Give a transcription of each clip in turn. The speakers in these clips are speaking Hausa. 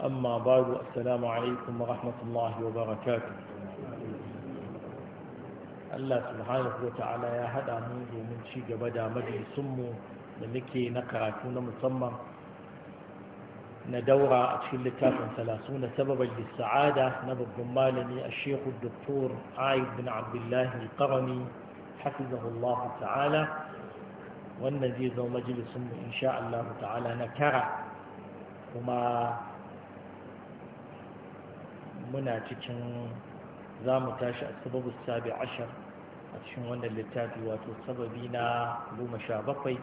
أما بعد السلام عليكم ورحمة الله وبركاته الله سبحانه وتعالى يا هدى منذ من شيء بدا مجل سمه لنكي نقرأ كون مصمم ندورة أتخل لتاب ثلاثون سببا للسعادة نبغ مالني الشيخ الدكتور عايد بن عبد الله القرني حفظه الله تعالى والنزيز ومجلس إن شاء الله تعالى نكرأ وما muna cikin za mu tashi a sababu sabi ashar a cikin wannan littafi wato sababi na goma sha bakwai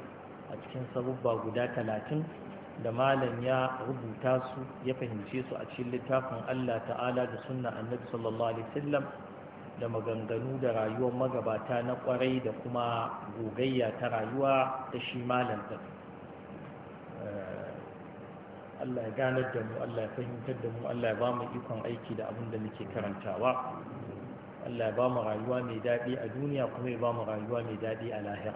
a cikin sababba guda talatin da malam ya rubuta su ya fahimce su a cikin littafin Allah ta'ala da sunna annabi sallallahu alaihi wasallam da maganganu da rayuwar magabata na kwarai da kuma gogayya ta rayuwa da shi malam ta. Allah ya ganar da mu Allah ya fahimtar da mu Allah ya ba mu ikon aiki da abin da muke karantawa Allah ya ba mu rayuwa mai daɗi a duniya kuma ya ba mu rayuwa mai daɗi a lahira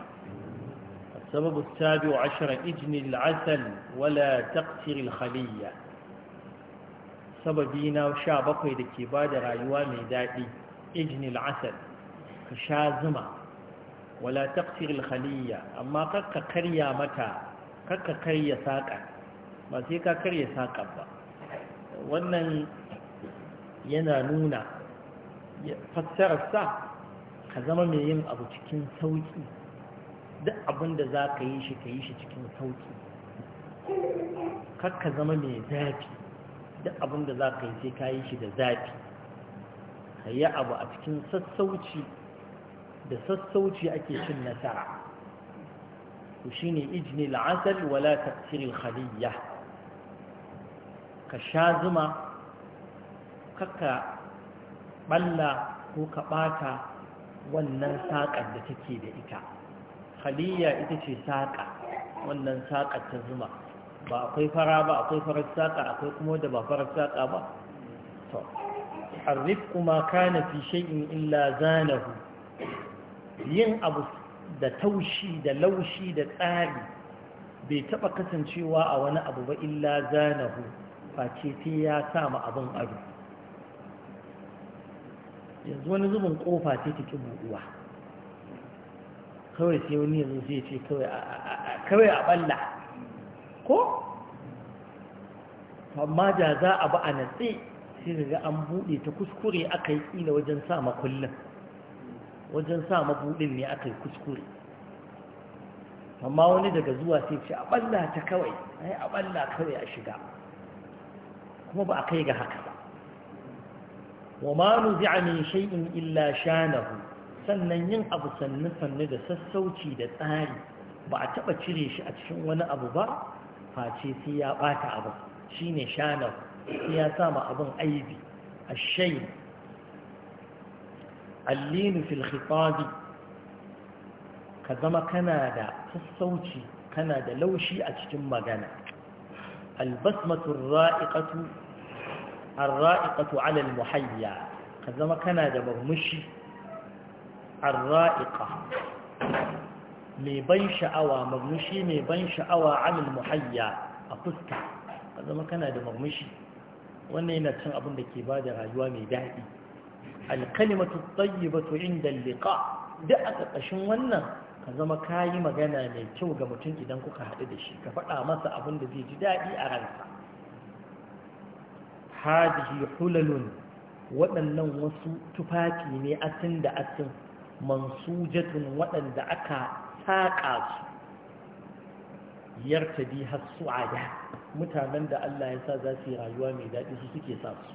السبب السابع عشر اجن العسل ولا تقتر الخلية سببينا وشا بقي دكي بعد رايوا ميدادي اجن العسل كشازمة ولا تقتر الخلية أما قد كريا متى قد كريا ساقا ba sai ka karya saƙa ba wannan yana nuna fassararsa ka zama mai yin abu cikin sauƙi duk abin da za ka yi shi ka yi shi cikin sauƙi kakka zama mai zafi duk abin za ka yi sai ka yi shi da zafi ka yi abu a cikin sassauci da sassauci ake cin nasara ku shi ne ijini la'asar wala tafsirin khaliyya ka sha zuma kaka balla ko ka ɓata wannan saƙar da take da ita Khaliyya ita ce saƙa wannan saƙar ta zuma ba akwai fara ba akwai farar saƙa akwai kuma da ba farar saƙa ba to arrifku ma kana fi shay'in illa zanahu yin abu da taushi da laushi da tsari bai taba kasancewa a wani abu ba illa zanahu face sai ya sa ma abin ado yanzu wani zubin kofa ce ta ki buɗuwa kawai sai wani yanzu zai ce kawai a balla ko amma da za a ba a natsi sai ga an buɗe ta kuskure aka yi ƙila wajen sa makullin wajen sa mabuɗin ne aka yi kuskure amma wani daga zuwa sai ce a balla ta kawai a yi a balla kawai a shiga kuma ba a kai ga haka ba wa ma nuzi'a min illa shanahu sannan yin abu sannu sannu da sassauci da tsari ba a taba cire shi a cikin wani abu ba face sai ya bata abu shine shanahu sai ya sama abin aibi a shay allin fil khitab ka zama kana da sassauci kana da laushi a cikin magana albasmatu ra'iqatu الرائقة على المحيا كذا كان دبر مشي الرائقة mai ban sha'awa murmushi mai ban sha'awa alil muhayya a fuska ka zama kana da murmushi wannan yana cin abin da ke bada rayuwa mai daɗi alkalimatu tsayyibatu inda liqa Da a ƙarƙashin wannan ka zama kayi magana mai kyau ga mutum idan kuka haɗu da shi ka faɗa masa abin da zai ji daɗi a ransa hadihi hulalun waɗannan wasu tufafi ne asin da asin mansujatun waɗanda aka saƙa su Yarta bi har su'ada mutanen da Allah ya sa za su yi rayuwa mai daɗi su suke sa su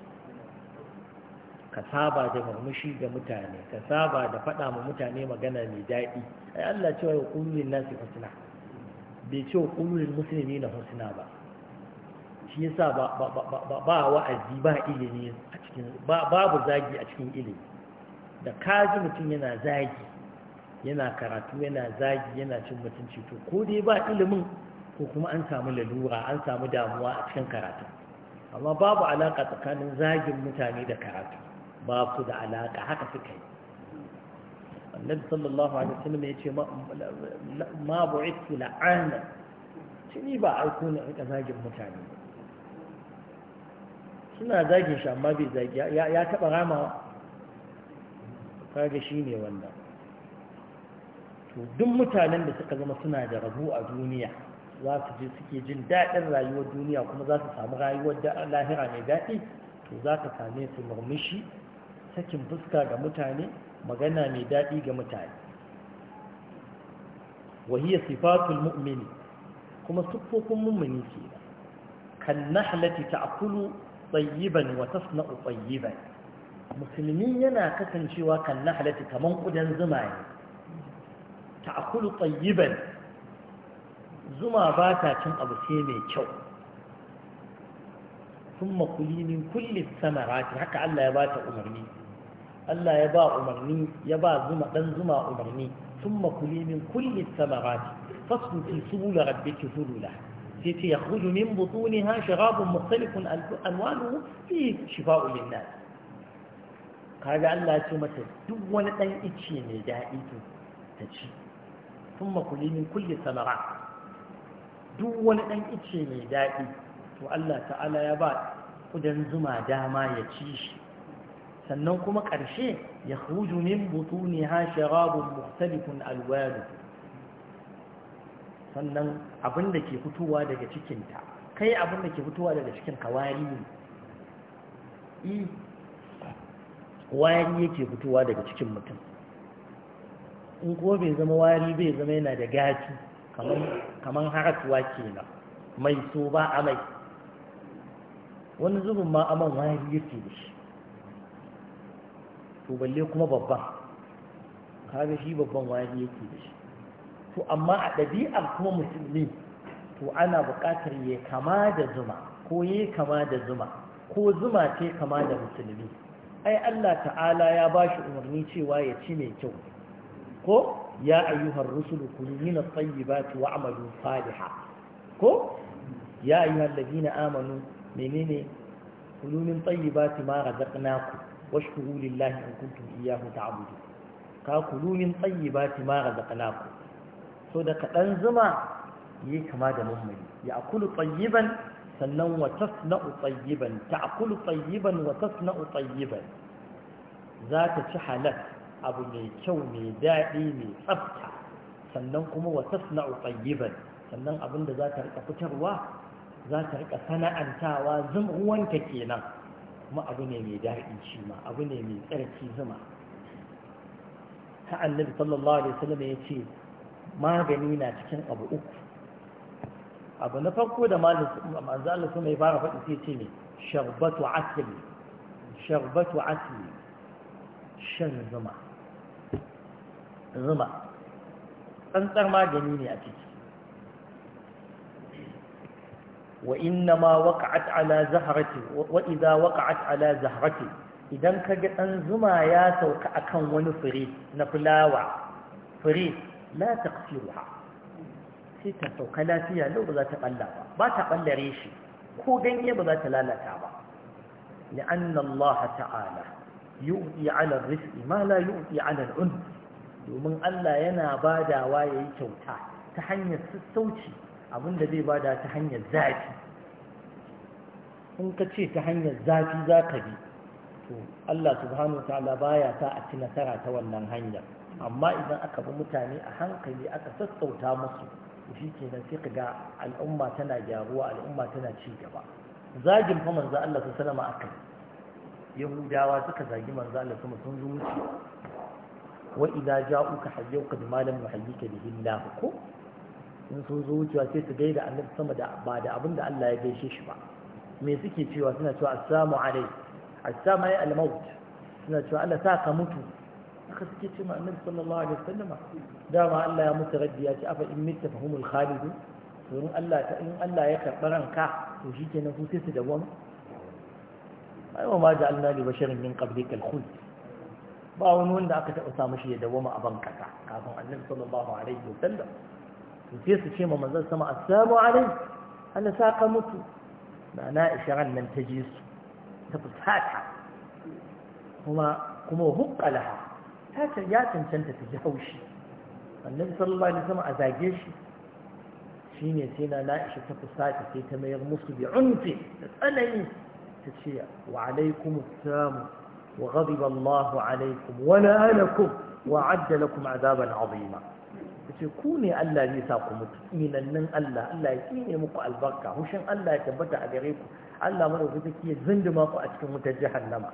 ka saba da murmushi ga mutane ka saba da faɗa ma mutane magana mai daɗi ai Allah cewa ya kullun nasi husna bai ce kullun musulmi na husna ba shi yasa ba wa'azi ba ilimi a cikin babu zagi a cikin ilimi da kaji mutum yana zagi yana karatu yana zagi yana cin mutunci to ko dai ba ilimin ko kuma an samu lalura an samu damuwa a cikin karatu amma babu alaka tsakanin zagin mutane da karatu ba su da alaka haka suka yi annabi sallallahu alaihi wasallam ya ce ma bu'ithu la'ana shi ni ba aiko ne a zagin mutane ba suna zagin shi amma bai zagi ya taɓa ramawa kaga shi ne wannan to duk mutanen da suka zama suna da rabu a duniya za su je suke jin daɗin rayuwar duniya kuma za su samu rayuwar lahira mai daɗi to za ka same su murmushi sakin fuska ga mutane magana mai daɗi ga mutane wahiyar sifatul mu'mini kuma siffofin mummuni ke kan nahlati ta Kulu. tsayiban wa tasna'u tsayiban musulmi yana kasancewa kan na halatta kamar kudan zuma ne ta akulu tsayiban zuma ba ta cin abu sai mai kyau sun makuli min kulli samarati haka Allah ya ba ta umarni Allah ya ba umarni ya ba zuma ɗan zuma umarni sun makuli min kulli samarati bula rabbi ki zulula yace yakhruju min butuniha sharabun mukhtalifun alwanuhu fi shifa'u linnas kaga Allah ya ce mata duk wani dan ice mai daɗi to ta ci thumma kuli min kulli samara duk wani ɗan ice mai daɗi to Allah ta'ala ya ba kudan zuma dama ya ci shi sannan kuma ƙarshe ya khuju min butuniha sharabun sannan abin da ke fitowa daga cikinta kai abin da ke fitowa daga cikin ka wari ne wari yake fitowa daga cikin mutum in ko bai zama wari bai zama yana da gafi kamar haratuwa nan, mai so ba amai wani zubin ma aman wari yake da shi to balle kuma babban kaga shi babban wari yake da shi to amma a ɗabi'ar kuma musulmi to ana buƙatar ya kama da zuma ko ya kama da zuma ko zuma ce kama da musulmi ai Allah ta'ala ya ba shi umarni cewa ya ci mai kyau ko ya ayyuhar rusulu kullu min at-tayyibati wa'malu salihan ko ya ayyuhal ladina amanu menene kullu min tayyibati ma razaqnakum washkuru lillahi in kuntum iyyahu ta'budun ka kullu min tayyibati ma razaqnakum so da kaɗan zuma yi kama da mummuni ya akulu tsayiban sannan wa tasna'u tsayiban ta akulu tsayiban wa tasna'u tsayiban za ta ci halal abu mai kyau mai daɗi mai tsafta sannan kuma wata tasna'u tsayiban sannan abin da za ta rika fitarwa za ta rika sana'antawa zumuwanta kenan kuma abu ne mai daɗi shi ma abu ne mai tsarki zuma ta annabi sallallahu alaihi wasallam ya ce magani na cikin abu uku abu na farko da manzo su kuma fara faɗi sai ce ne sharbatu asli sharbatu asli shan zuma zuma tsantsar magani ne a ciki wa inna ma waqa'at ala zahrati wa idha waqa'at ala zahrati idan kaga zuma ya sauka kan wani na fulawa la taqsiruha sai ta sauka lafiya nawa ba za ta balla ba ta ballare shi ko ganye ba za ta lalata ba لأن الله تعالى يؤتي على الرزق ما لا يؤتي على domin Allah yana badawa ya yi kyauta ta hanyar sassauci abinda zai bada ta hanyar zafi in ka ce ta hanyar zafi za ka bi to Allah subhanahu ta'ala baya sa a ci nasara ta wannan hanyar amma idan aka bi mutane a hankali aka sassauta musu shi kenan sai ka ga al'umma tana gyaruwa al'umma tana ci gaba zagin fa manzo Allah su salama akai yahudawa suka zagi manzo Allah kuma sun zuci wa idza ja'uka hayyuka bima lam yuhayyika bihi Allah ko in sun zo wucewa sai su gaida annabi sama da ba da abin da Allah ya gaishe shi ba me suke cewa suna cewa assalamu alaikum assalamu alaikum al-maut suna cewa Allah sa ka mutu haka suke ce ma annabi sallallahu alaihi wasallama dama Allah ya mutu raddi ya ce afa in mitta fahumul khalidun domin Allah ta in Allah ya karɓi ranka to shikenan ku sai su dawwama ai wa ma ja'alna li basharin min qablika al-khuld ba wani wanda aka taɓa samu shi ya dawwama a bankasa kafin annabi sallallahu alaihi wasallam to sai su ce ma manzon sama assalamu alaikum ana saka mutu na na isharan nan ta je su ta fusata kuma kuma hukkalaha ya cancanta ta ji haushi annabi sallallahu alaihi wasallam a zage shi shine sai na na'isha ta fusata sai ta mayar musu bi unfi da tsanani ta ce wa alaikum assalam wa ghadiba Allah alaikum wa la'anakum wa adda lakum azaban azima tace ku ne Allah zai sa ku mutu inannin Allah Allah ya kine muku albarka hushin Allah ya tabbata a gare ku Allah madaukaki ya zinduma ku a cikin wutar jahannama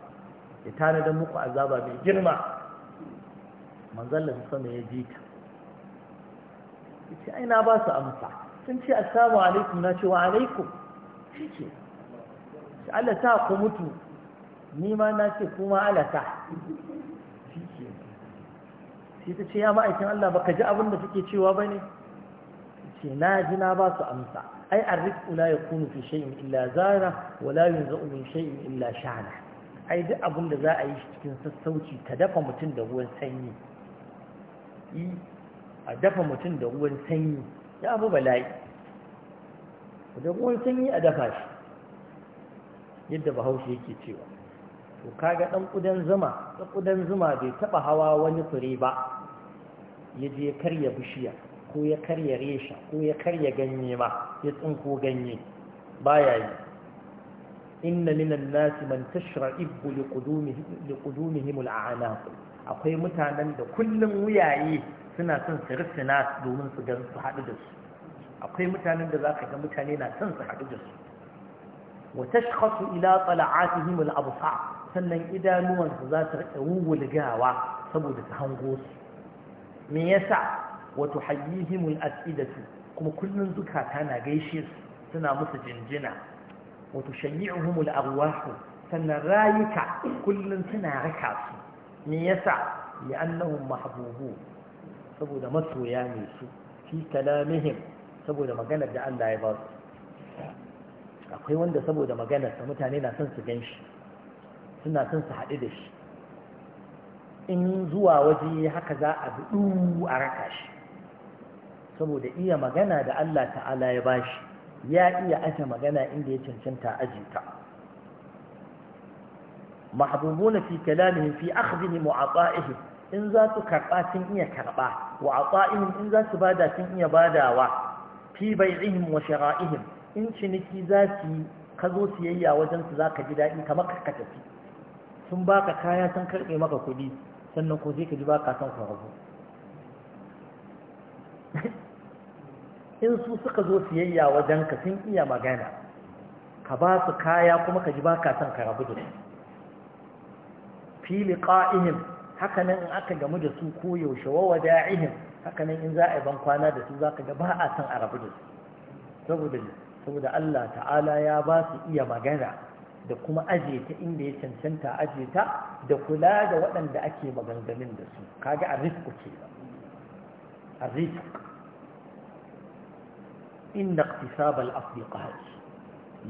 ya tanadar muku azaba mai girma manzalla sama ya ji ta ce ai na ba su amsa sun ce assalamu alaikum na ce wa alaikum ce shi Allah ta ku mutu ni ma na ce kuma Allah ta shike shi ta ce ya ma'aikin Allah baka ji abin da suke cewa ba ne ce na ji na ba su amsa ai na la yakunu fi shay'in illa zara wa la yunza'u min shay'in illa sha'na ai duk abin da za a yi cikin sassauci ta dafa mutum da ruwan sanyi yi a dafa mutum da ruwan sanyi ya abu bala'i da ruwan sanyi a dafa shi yadda bahaushe yake cewa to kaga dan kudan zuma dan kudan zuma bai taɓa hawa wani fure ba ya je karya bishiya ko ya karya resha ko ya karya ganye ma ya tsinko ganye baya yi inna minan nasi man tashra'ibu liqudumihim al'anaq akwai mutanen da kullum wuyaye suna son su risina domin su gan su haɗu da su akwai mutanen da za ka ga mutane na son su haɗu da su wa tashkhasu ila tala'atihim al-absar sannan idanuwansu za su rika wuwulgawa saboda su hango su me yasa wa tuhayyihim al su kuma kullum zukata na gaishe su suna musu jinjina wa tushayyi'uhum al-arwah sannan rayuka kullum suna raka su me yasa annahum mahbubu saboda masoya ne su fi kalamihim saboda maganar da Allah ya ba su akwai wanda saboda maganar sa mutane na son su gan suna son su haɗu da shi in zuwa waje haka za a buɗu a raka shi saboda iya magana da Allah ta'ala ya ba shi ya iya aje magana inda ya cancanta ajiyata Mahabubuna fi kalamihim fi akhdhihim wa in za su karba sun iya karba wa ata'ihim in za su bada sun iya badawa fi bai'ihim wa shara'ihim in ciniki za su ka zo siyayya wajen su zaka ji dadi kamar ka tafi sun baka kaya sun karbe maka kudi sannan ko sai ka ji baka san kwarabu in su suka zo siyayya wajen ka sun iya magana ka ba su kaya kuma ka ji baka san karabu rabu da su fi liqa'ihim hakanan in aka gamu da su ko yaushe wa wada'ihim haka in za a yi ban kwana da su zaka ga ba a san a rabu da su saboda saboda Allah ta'ala ya ba su iya magana da kuma aje ta inda ya cancanta aje ta da kula da waɗanda ake maganganun da su kaga arrisku ke ba arrisku inda iktisabal afdiqa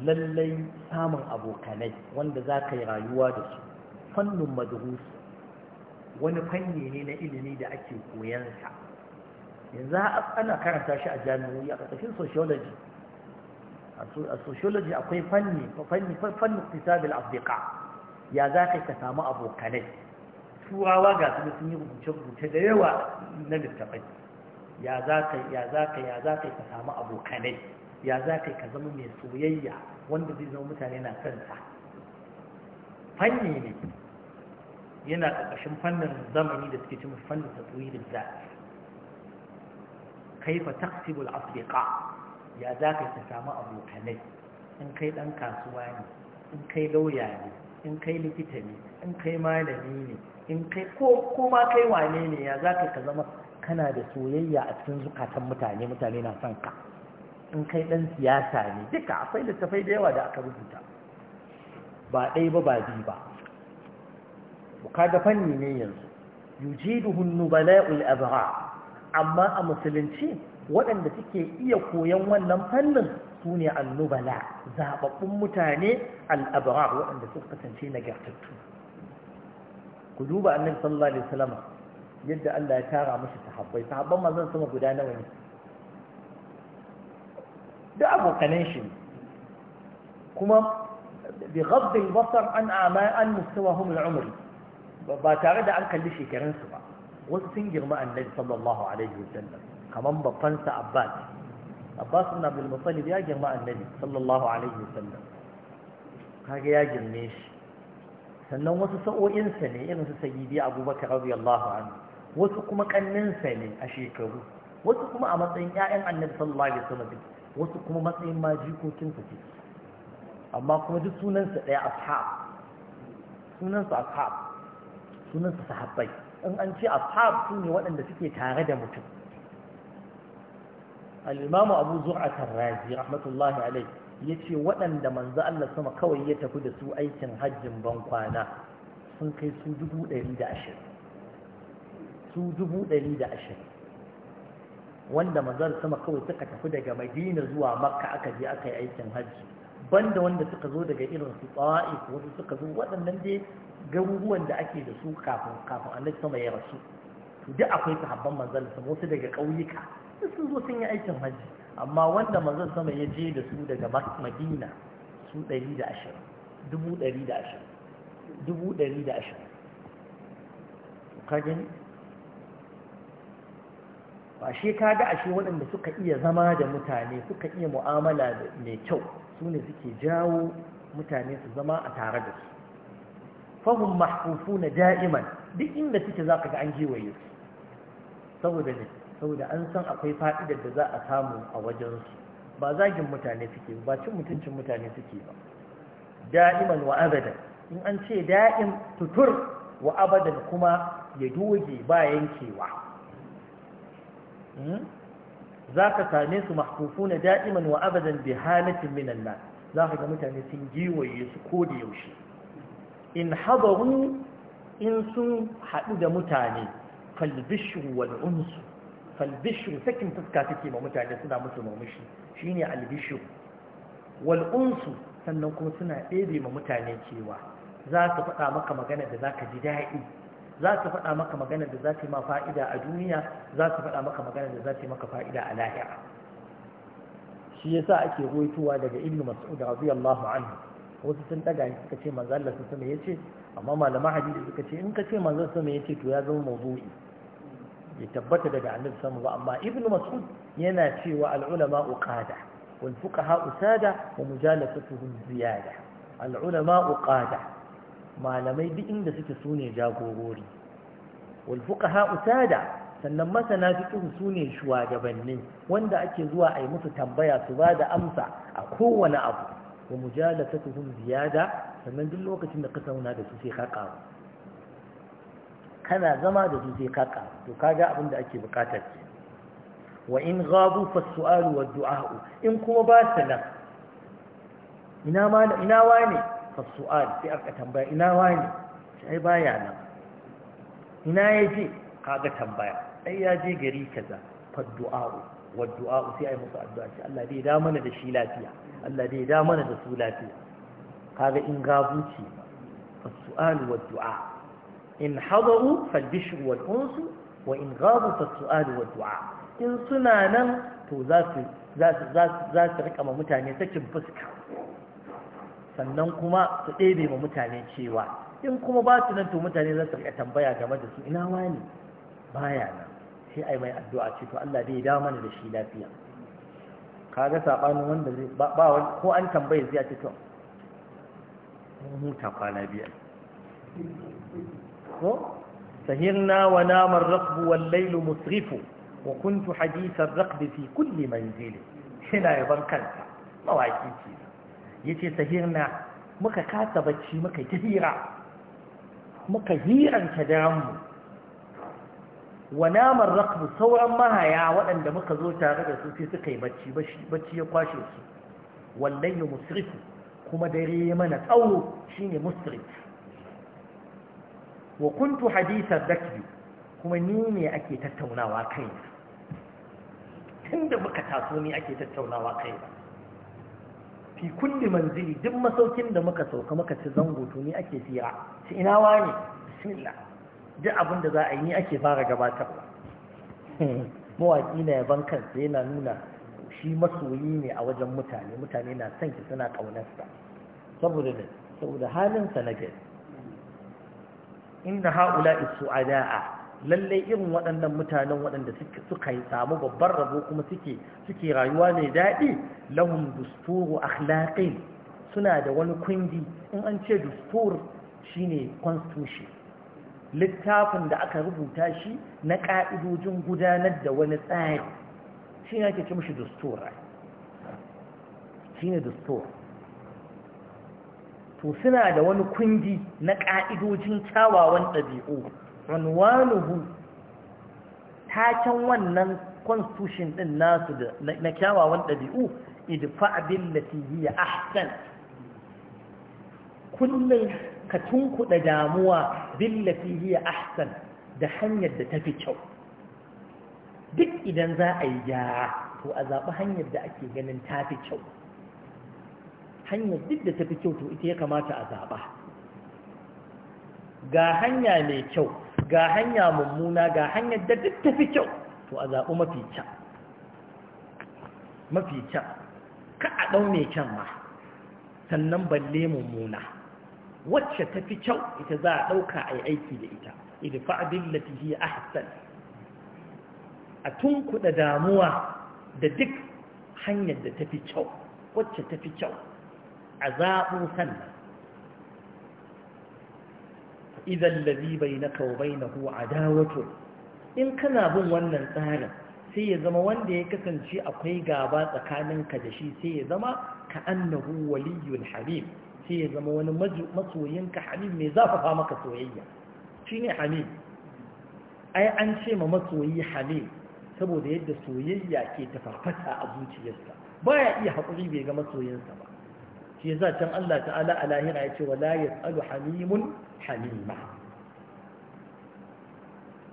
lallai samun abokanai wanda za ka yi rayuwa da su Fannin madhus wani fanni ne na ilimi da ake koyan sa yanzu ana karanta shi a jami'o'i a kasashen sociology a sociology akwai fanni fanni fanni kitabul afdiqa ya za kai ka samu abokanai turawa ga su sun yi rubuce-rubuce da yawa na littafai ya za ka ya za ka ya za ka ka samu abokanai ya za ka ka zama mai soyayya wanda zai zama mutane na kansa fanni ne yana ƙarƙashin fannin zamani da suke cimma fannin tatwirin za fa taksibul Afirka? ya za ka samu abokanai in kai ɗan kasuwa ne in kai lauya ne in kai likita ne in kai malami ne in kai ko ma kai wane ne ya za ka zama kana da soyayya a cikin zukatan mutane mutane na son ka in kai ɗan siyasa ne duka akwai littafai da yawa da aka rubuta ba ɗaya ba ba biyu ba kaga fanni ne yanzu yujiduhu nubala'ul abra amma a musulunci waɗanda suke iya koyon wannan fannin su ne annubala zababbun mutane al'abara waɗanda suka kasance nagartattu ku duba annabi sallallahu alaihi wasallam yadda Allah ya tara mashi sahabbai sahabban mazan sama guda nawa ne da abokanan shi kuma bi rabbi al-basar an ama an mustawahum al-umri ba tare da an kalli shekarunsu ba wasu sun girma annabi sallallahu alaihi wasallam kaman babbansa abbas abbas ibn abdul muttalib ya girma annabi sallallahu alaihi wasallam kage ya girme shi sannan wasu sa'o'insa ne irin su sayyidi abubakar radiyallahu anhu wasu kuma kanninsa ne a shekaru wasu kuma a matsayin ƴaƴan annabi sallallahu alaihi wasallam wasu kuma matsayin ma jikokinsa ce amma kuma duk sunansa ɗaya ashab sunansa ashab sunansu sahabbai in an ce ashab su ne waɗanda suke tare da mutum al'imamu abu zu'atar razi rahmatullahi alai ya ce waɗanda manzo Allah sama kawai ya tafi da su aikin hajjin ban kwana sun kai su dubu ɗari da ashirin su dubu ɗari da ashirin wanda manzon sama kawai suka tafi daga madina zuwa makka aka je aka yi aikin hajji banda wanda suka zo daga irin su tsawa'if wasu suka zo waɗannan dai garuruwan da ake da su kafin kafin annabi sama ya rasu to duk akwai sahabban manzon sama wasu daga ƙauyuka sun zo sun yi aikin hajji amma wanda manzon sama ya je da su daga madina su 120 dubu 120 dubu gani ba shi ka ga ashe waɗanda suka iya zama da mutane suka iya mu'amala mai kyau su ne suke jawo mutane su zama a tare da su fahim mahfufu na da'iman duk inda suke za ka ga an jewaye saboda ne saboda an san akwai fa'idar da za a samu a wajensu ba zagin mutane suke ba cin mutuncin mutane suke ba da'iman wa abadan in an ce da'im tutur wa abadan kuma ya doge ba yankewa hmm? za ka same su mahfufu na da'iman wa abadan bi halatin minan nan za ka ga mutane sun giwaye su ko da yaushe in hadaru in sun haɗu da mutane falbishu wal'unsu, unsu sakin fuska take ma mutane suna musu murmushi shine ne wal wal'unsu, sannan kuma suna ɗebe ma mutane cewa za ka faɗa maka magana da za ka ji daɗi za ka faɗa maka magana da za ta yi ma fa'ida a duniya za ka faɗa maka magana da za ta yi maka fa'ida a lahira shi yasa ake ruwaitowa daga ibnu mas'ud radiyallahu anhu wasu sun daga shi suka ce manzo Allah sun ya yace amma malaman hadisi suka ce in ka ce manzo ya yace to ya zama mawdu'i ya tabbata daga annabi sama ba amma ibnu mas'ud yana cewa al ulama uqada wal fuqaha usada wa mujalasatuhum ziyada al uqada malamai duk inda suke sune jagorori wal fuqaha usada sannan masana fiqh su ne shuwagabannin wanda ake zuwa a yi musu tambaya su ba da amsa a kowane abu wa mujalasatuhum ziyada sannan duk lokacin da ka zauna da su sai ka ƙaru kana zama da su sai ka ƙaru to kaga abin da ake bukata ke wa in ghabu fa su'alu wa du'a'u in kuma ba su nan ina ma ina wane fa su'al sai aka tambaya ina wane sai baya nan ina yaje kaga tambaya ai ya gari kaza fa du'a'u wa sai a yi musu addu'a ce Allah dai da da shi lafiya Allah dai da da su lafiya kaga in gabu ce fasu'al wa du'a in hagaru fal bishr wa in gabu fasu'al wa du'a in suna nan to za su riƙa ma mutane sakin fuska sannan kuma su ɗebe ma mutane cewa in kuma ba su nan to mutane za su rika tambaya game da su ina wani baya nan sai ai mai addu'a ce to Allah zai dawo mana da shi lafiya kaga sabanin wanda ba wani ko an tambaye zai ce to huta kwana biyar ko sahirna wa nama ar wal musrifu wa kuntu hadith ar fi kulli manzili shina yaban kanta mawaki ce yace sahirna muka kasa bacci muka hira muka hiranta daren mu wa namar rakbu sauran mahaya waɗanda muka zo tare da su sai suka yi bacci bacci ya kwashe su wallan ya musrifu kuma dare ya mana tsawo shine musrif wa kuntu hadisar dakbi kuma ni ne ake tattaunawa kai ba? Tun da muka taso ni ake tattaunawa kai ba. fi kulli manzili duk masaukin da muka sauka muka ci zango to ni ake tsira, ci ina wani bismillah duk abin da za a yi ni ake fara gabatar mawaƙi na yaban kansa yana nuna shi masoyi ne a wajen mutane mutane na son ki suna ƙaunarsa saboda ne saboda sa na gari inna ha'ula'i su'ada'a lallai irin waɗannan mutanen waɗanda suka samu babban rabo kuma suke suke rayuwa mai daɗi lahum dusturu akhlaqin suna da wani kundi in an ce dustur shine constitution littafin da aka rubuta shi na ƙa'idojin gudanar da wani tsari shi ne ake ce mashi dustura shi ne dustura to suna da wani kungi na ƙa'idojin kyawawan ɗabi'u runwanuhu taken wannan constitution ɗin nasu da na kyawawan ɗabi'u idfa abin da ahsan kullum ka tunkuɗa damuwa billafi hiya ahsan da hanyar da tafi kyau duk idan za a yi gyara to a zaɓi hanyar da ake ganin tafi kyau hanyar duk da tafi kyau to ita ya kamata a zaɓa ga hanya mai kyau ga hanya mummuna ga hanyar da duk tafi kyau to a zaɓi mafi kyau mafi kyau ka a ɗau mai kyan ma sannan balle mummuna wacce ta fi kyau ita za a ɗauka a yi aiki da ita idfa abillati hi ahsan a tunkuɗa damuwa da duk hanyar da ta fi kyau wacce ta fi kyau a zaɓo sannan idan lazi bai na kaubai na huwa dawato in kana bin wannan tsarin sai ya zama wanda ya kasance akwai gaba tsakaninka da shi sai ya zama ka annahu waliyul habib sai ya zama wani masoyinka hamid mai zafafa maka soyayya shi ne hamid ai an ce ma masoyi hamid saboda yadda soyayya ke tafafata a zuciyarsa baya iya haƙuri bai ga masoyinsa ba shi yasa can Allah ta'ala a lahira ya ce wala yas'alu hamimun hamima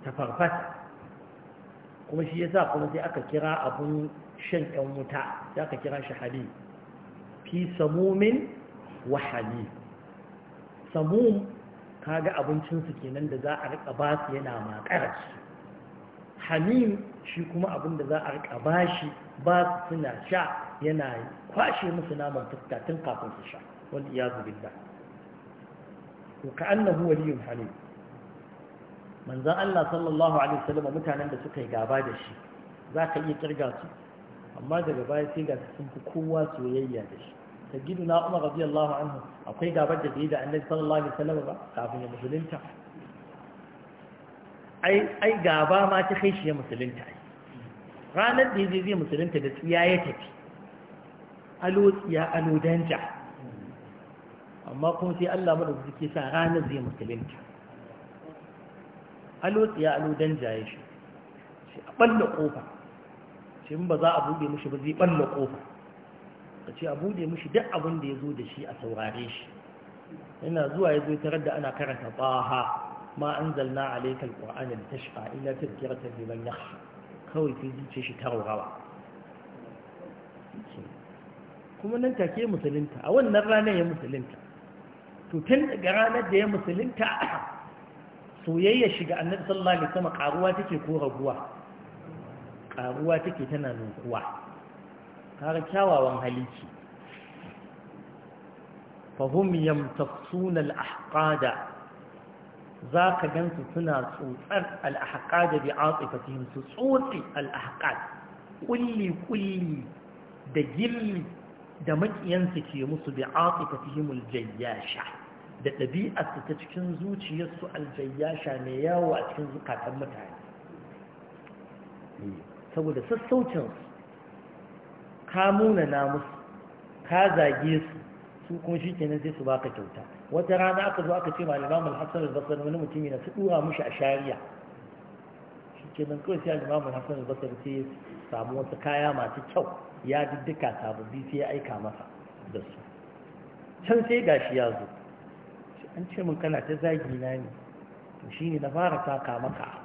tafafata kuma shi yasa kuma sai aka kira abun shan ƴan wuta sai aka kira shi hamim fi samumin wa hamim samum kaga abincinsu kenan da za a rika ba su yana makara shi hamim shi kuma abin da za a rika ba shi ba su suna sha yana kwashe musu naman fuska tun kafin su sha Wani iya billah to ka annahu waliyun hamim manzon Allah sallallahu alaihi wasallam mutanen da suka yi gaba da shi za ka iya kirga su amma daga baya sai ga sun fi kowa soyayya da shi na Umar radiyallahu anhu akwai gabar da bai da Annabi sallallahu alaihi wasallam ba kafin ya musulunta ai ai gaba ma ta kai shi ya musulunta ranar da yaje zai musulunta da tsiya ya tafi alo tsiya alo danja amma kuma sai Allah madaukaki ke sa ranar zai musulunta alo tsiya alo danja ya shi shi a balla kofa shi ba za a buɗe mishi ba zai balla kofa ka ce a buɗe mishi duk abin da ya zo da shi a saurare shi yana zuwa ya zo tarar da ana karanta baha ma an zalna alaikal ƙwa'ana da tashfa illa ta kira ta liman yakhsha kawai sai zuce shi ta rawa kuma nan take musulunta a wannan ranar ya musulunta to tun daga ranar da ya musulunta soyayya shiga annabi sallallahu alaihi wasallam karuwa take ko raguwa karuwa take tana nukuwa kaga kyawawan hali ce fahim yamtaqsuna al-ahqada zaka gansu suna tsotsar al-ahqada bi atifatihim su tsotsi al-ahqad kulli kulli da gilli da makiyansu ke musu bi atifatihim al-jayyasha da ɗabi'arsu ta cikin zuciyarsu jayyasha mai yawo a cikin zukatan mutane saboda sassaucinsu ka munana musu ka zage su su kuma shi kenan sai su baka kyauta wata rana aka zo aka ce ma limamu al-hassan al-basri wani mutum yana su dura mushi a shari'a shi kenan kawai sai limamu al-hassan al-basri sai ya samu wasu kaya masu kyau ya diddika sababbi sai ya aika masa da su can sai gashi ya zo an ce min kana ta zagi na ne to shine na fara saka maka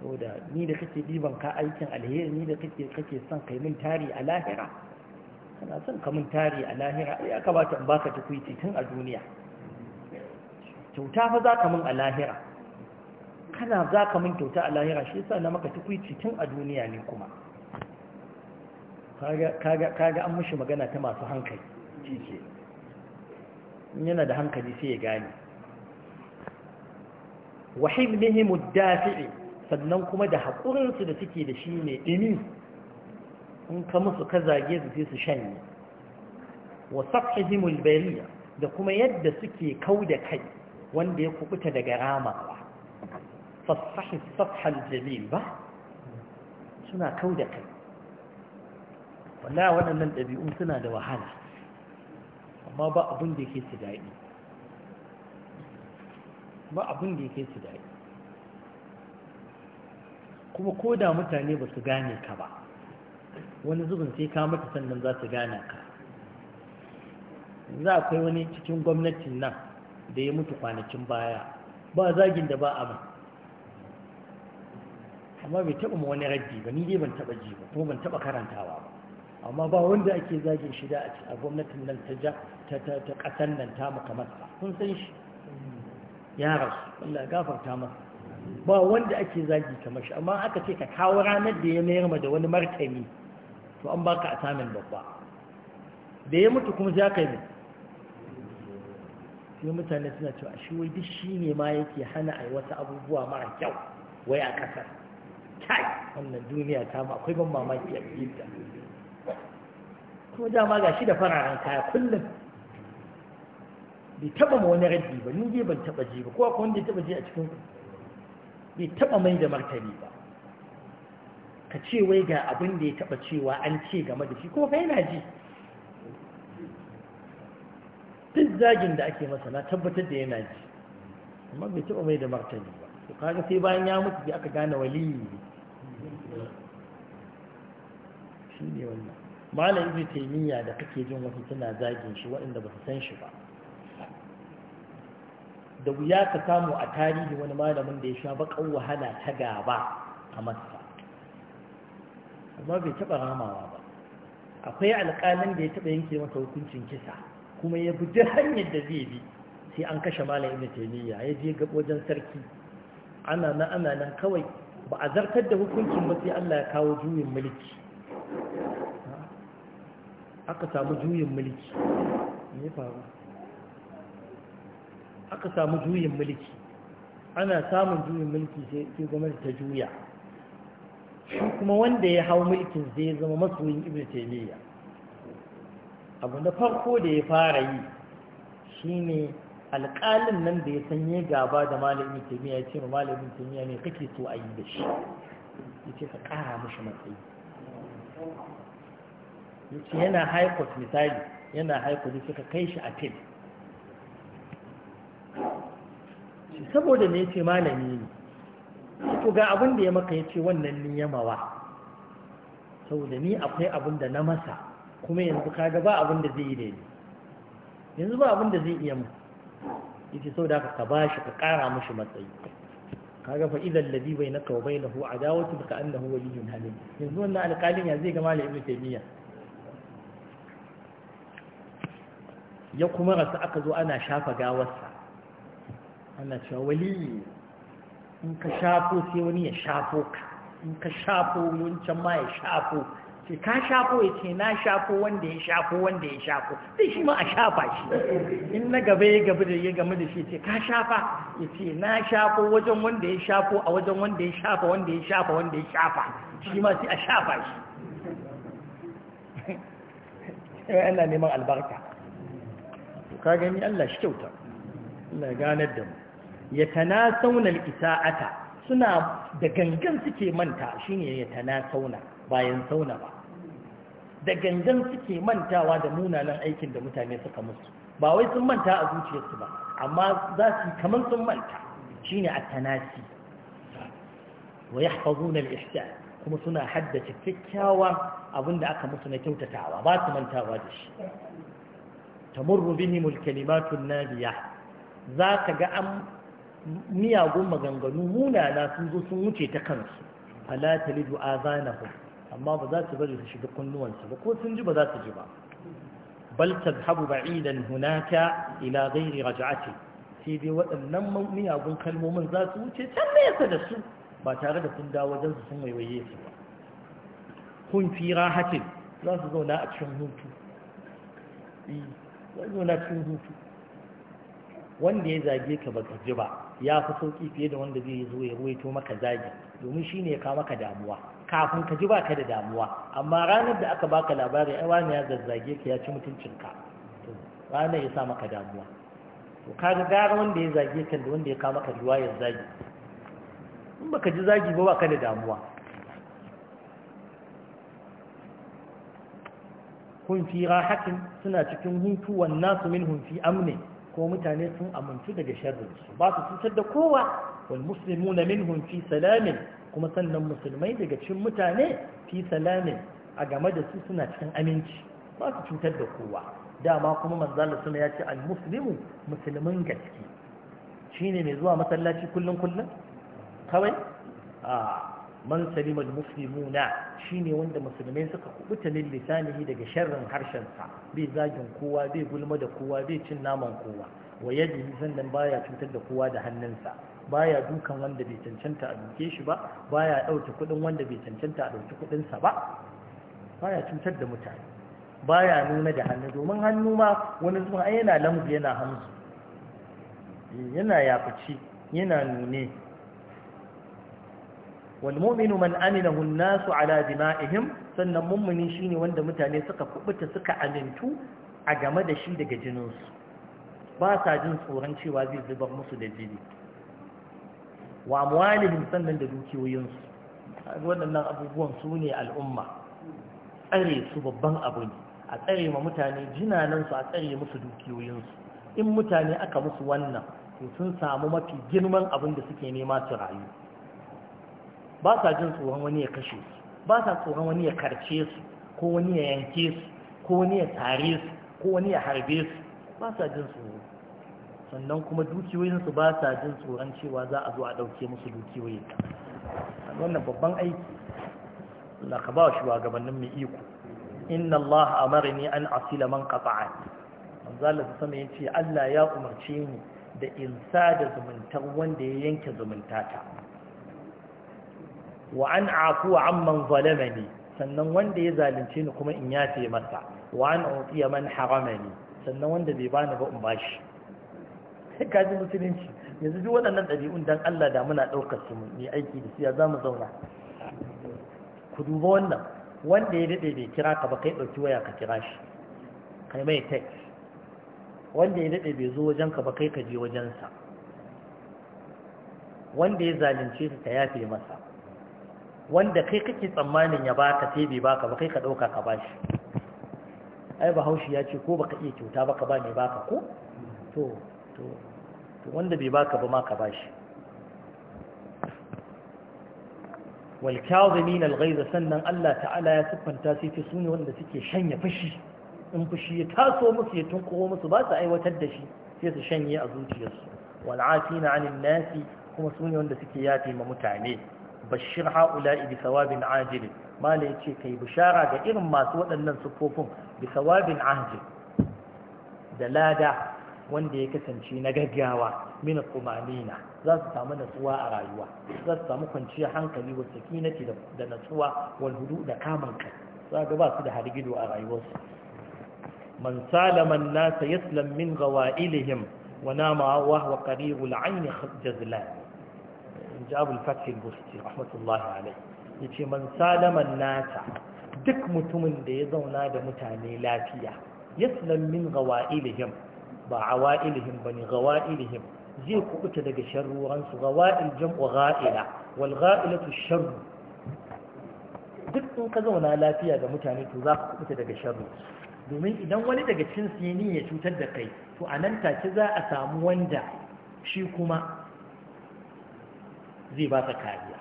saboda ni da kake diban ka aikin alheri ni da kake kake son kai min tari a lahira kana son ka min tari a lahira ya kamata in baka tukuici tun a duniya kyauta fa za ka min a lahira kana za ka min kyauta a lahira shi yasa na maka tukuici tun a duniya ne kuma kaga an mushi magana ta masu hankali In yana da hankali sai ya gane wahimnihimu dafi'i sannan kuma da haƙurinsu da suke da shi mai ɗini in ka musu ka zage su sai su shanye wa safhihimul bariya da kuma yadda suke kau da kai wanda ya kubuta daga ramawa fasahi safhal jamil ba suna kau da kai Wanda waɗannan ɗabi'un suna da wahala amma ba abin da yake su daɗi ba abin da yake su daɗi kuma ko da mutane ba su gane ka ba wani zubin sai ka mata sannan za su gane ka za akwai wani cikin gwamnatin nan da ya mutu kwanakin baya ba zagin da ba abin amma bai taɓa wani raddi ba ni dai ban taɓa ji ba kuma ban taba karantawa ba amma ba wanda ake zagin shi a gwamnatin nan ta ja ta ta ta ƙasar nan ta maka masa kun san shi ya rasu Allah gafarta masa ba wanda ake zagi kamar shi amma aka ce ka kawo ranar da ya mayar da wani martani to an ka asamin babba da ya mutu kuma zaka yi sai mutane suna cewa shi wai duk shi ne ma yake hana a wasu abubuwa mara kyau wai a ƙasar kai wannan duniya ta ma akwai ban mamaki a cikin ta kuma dama ga shi da fararen kaya kullum bai taba ma wani raddi ba ni dai ban taba ji ba ko akwai wanda ya taba ji a cikin bai taɓa mai da martani ba ka ce wai ga abin da ya taɓa cewa an ce game da shi kuma fa yana ji duk zagin da ake masa na tabbatar da yana ji amma bai taɓa mai da martani ba to kaga sai bayan ya mutu da aka gane waliyi ne shi ne wannan malam ibn taymiya da kake jin wasu suna zagin shi waɗanda ba su san shi ba da wuya ka samu a tarihi wani malamin da ya sha baƙar wahala ta gaba a masa amma bai taɓa ramawa ba akwai alƙalin da ya taɓa yanke masa hukuncin kisa kuma ya bi hanyar da zai bi sai an kashe malam ibn taymiya ya je ga wajen sarki ana nan ana nan kawai ba a zartar da hukuncin ba sai Allah ya kawo juyin mulki aka samu juyin mulki me faru aka samu juyin mulki ana samun juyin mulki sai gwamnati ta juya shi kuma wanda ya hau mulkin zai zama masoyin ibn taymiya abu na farko da ya fara yi shine alƙalin nan da ya sanye gaba da malamin taymiya ya ce ma malamin taymiya ne kake so a yi da shi ya ce ka ƙara mashi matsayi ya yana high court misali yana high court ka kai shi a fil ce saboda me ce malami ne to ga abin da ya maka ya ce wannan ni ya mawa saboda ni akwai abin da na masa kuma yanzu kaga ba abin da zai yi da ni yanzu ba abin da zai iya mu yace saboda haka ka bashi ka kara mishi matsayi kaga fa idan ladhi bainaka wa bainahu adawatu ka annahu waliyun halim yanzu wannan alƙalin ya zai ga malami ibnu taymiya ya kuma rasu aka zo ana shafa gawarsa ana cewa waliyi in ka shafo sai wani ya shafo ka in ka shafo wancan ma ya shafo sai ka shafo ya ce na shafo wanda ya shafo wanda ya shafo sai shi ma a shafa shi in na gaba ya gaba da ya gama da shi ce ka shafa ya ce na shafo wajen wanda ya shafo a wajen wanda ya shafa wanda ya shafa wanda ya shafa shi ma sai a shafa shi eh, ana neman albarka ka gani Allah shi kyauta Allah ya ganar da mu ya tana saunar isa'ata suna da gangan suke manta shi ne ya tana sauna bayan sauna ba da gangan suke mantawa da munanan aikin da mutane suka musu ba wai sun manta a zuciyarsu ba amma za su kamar sun manta shi ne a tanasi wa yahfazuna zunar ihsan kuma suna haddace kyakkyawan abinda aka musu na kyautatawa ba su mantawa da shi Ta murrubi ne mulkalimatun nabiya za ka ga an miyagun maganganu munana sun zo sun wuce ta kansu fala talidu azanahu amma ba za su bari su shiga kunnuwansu ba ko sun ji ba za su ji ba bal tadhabu ba'idan hunaka ila ghairi raj'ati sai dai waɗannan miyagun kalmomin za su wuce can yasa da su ba tare da sun dawo wajen su sun waiwaye su ba kun fi rahatin za su zauna a cikin hutu eh, za su zauna cikin hutu wanda ya zage ka ba ka ji ba ya fi sauƙi fiye da wanda zai zo ya ruwaito maka zagi domin shi ne ya kawo maka damuwa kafin ka ji ba ka da damuwa amma ranar da aka baka labarin, ai wani ya zazzage ka ya ci mutuncinka to ranar ya sa maka damuwa to ga gara wanda ya zage ka da wanda ya kawo maka riwayar zagi in baka ji zagi ba baka da damuwa kun fi rahatin suna cikin hutu wannan su min hun fi amne Kuma mutane sun amintu daga sharrin ba su cutar da kowa wal na minhum fi salamin kuma sannan musulmai daga cikin mutane fi salamin a game da su suna cikin aminci ba su cutar da kowa dama kuma manzala suna ya ce al muslimu musulmin gaske shine mai zuwa masallaci kullum kullum kawai a ah. man salima muslimuna shine wanda musulmai suka kubuta min lisanihi daga sharrin harshen sa bai zagin kowa bai gulma da kowa bai cin naman kowa wa yadihi sannan baya cutar da kowa da hannunsa baya dukan wanda bai cancanta a duke shi ba baya dauke kudin wanda bai cancanta a ɗauki kudin sa ba baya cutar da mutane baya nuna da hannu domin hannu ma wani zuwa yana lambu yana hamsu eh, yana yafaci yana nune Wani mu'minu man amilahu an-nasu ala dima'ihim sannan mu'mini shine wanda mutane suka kubuta suka amintu a game da shi daga jininsu? ba sa jin tsoron cewa zai zuba musu da jini wa amwalihim sannan da dukiyoyinsu wadannan abubuwan su ne al'umma tsare su babban abu ne a tsare ma mutane jina jinanansu a tsare musu dukiyoyinsu in mutane aka musu wannan sun samu mafi girman abin da suke nema su rayu ba sa jin tsoron wani ya kashe su ba sa tsoron wani ya karce su ko wani ya yanke su ko wani ya tare su ko wani ya harbe su ba sa jin tsoro sannan kuma dukiyoyinsu ba sa jin tsoron cewa za a zo a ɗauke musu dukiyoyi wannan babban aiki Allah ka ba wa shugabannin mai iko inna Allah ni an asila man qata'ani manzala su sama yace Allah ya umarce ni da insa da zumuntar wanda ya yanke zumuntata wa an afu amman zalamani sannan wanda ya zalunce ni kuma in yafe masa wa an utiya man haramani sannan wanda bai bani ba in bashi ji musulunci yanzu duk waɗannan ɗabi'un dan Allah da muna ɗaukar su ne aiki da siya za mu zauna ku duba wannan wanda ya daɗe bai kira ka ba kai ɗauki waya ka kira shi kai mai text wanda ya daɗe bai zo wajen ka ba kai ka je wajensa wanda ya zalunce ka ka yafe masa wanda kai kake tsammanin ya baka sai bai baka ba kai ka dauka ka bashi ai bahaushe ya ce ko baka iya kyauta baka ba mai baka ko to to to wanda bai baka ba ma ka bashi wal kadhimin al ghaiz sannan Allah ta'ala ya siffanta sai ce sune wanda suke shanya fushi in fushi ya taso musu ya tunko musu ba su aiwatar da shi sai su shanye a zuciyarsu wal afina 'anil nasi kuma sune wanda suke yafe ma mutane bashir ha'ula'i bi thawabin ajil mala yace kai bishara ga irin masu waɗannan sufofin bi sawabin ajil da lada wanda ya kasance na gaggawa min kumanina za su samu natsuwa a rayuwa za su samu kwanciyar hankali wa sakinati da natsuwa wal hudu da kaman kai za ga ba su da hargido a rayuwarsu man salama an-nasa yaslam min ghawailihim wa nama wa huwa qari'ul jazlan ji abul fatih busti rahmatullahi alai ya ce man salaman Nata, duk mutumin da ya zauna da mutane lafiya yaslam min gawa'ilihim ba awa'ilihim ba ne gawa'ilihim zai kubuta daga sharruransu gawa'il jam'u ga'ila wal ga'ilatu sharru duk in ka zauna lafiya da mutane to za ka kubuta daga sharru domin idan wani daga cikin sini ya cutar da kai to a nan take za a samu wanda shi kuma zai ba ka kariya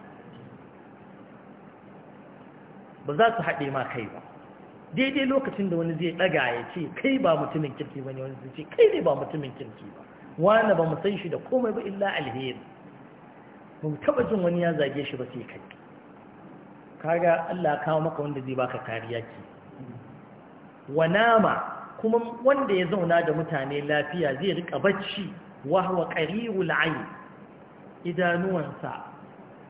ba za su haɗe ma kai ba daidai lokacin da wani zai ɗaga ya ce kai ba mutumin kirki ba ne wani zai ce kai ne ba mutumin kirki ba wani ba mu san shi da komai ba illa alheri ba mu taɓa jin wani ya zage shi ba sai kai kaga Allah kawo maka wanda zai baka kariya ke wanama kuma wanda ya zauna da mutane lafiya zai rika bacci wa huwa qari'ul ayn idanuwansa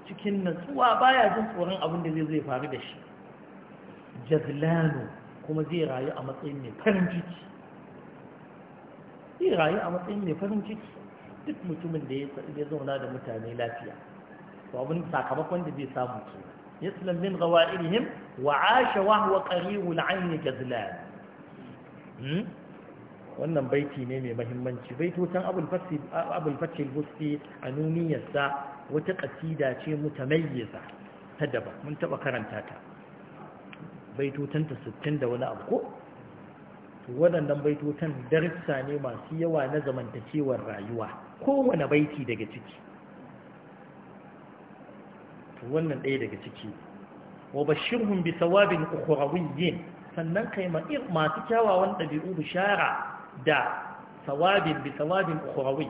cikin natsuwa baya jin tsoron abin da zai faru da shi jazlanu kuma zai rayu a matsayin mai farin ciki zai rayu a matsayin mai farin ciki duk mutumin da ya zauna da mutane lafiya to abin sakamakon da zai samu ke yaslam min gawa irihim wa asha wa huwa qari'ul ayn jazlanu. Hmm? wannan baiti ne mai mahimmanci baitotan abul fatil busti a nuniyarsa wata ƙasida ce mutamayyiza ta daba mun taba karanta ta baitotanta 60 da wani abu ko waɗannan baitotan darussa ne masu yawa na zamantakewar rayuwa kowane baiti daga ciki wannan ɗaya daga ciki wa bashirhum bi sawabin ukhrawiyyin sannan kai ma'ir masu kyawawan ɗabi'u bishara da sawabin bi sawabin ukhrawi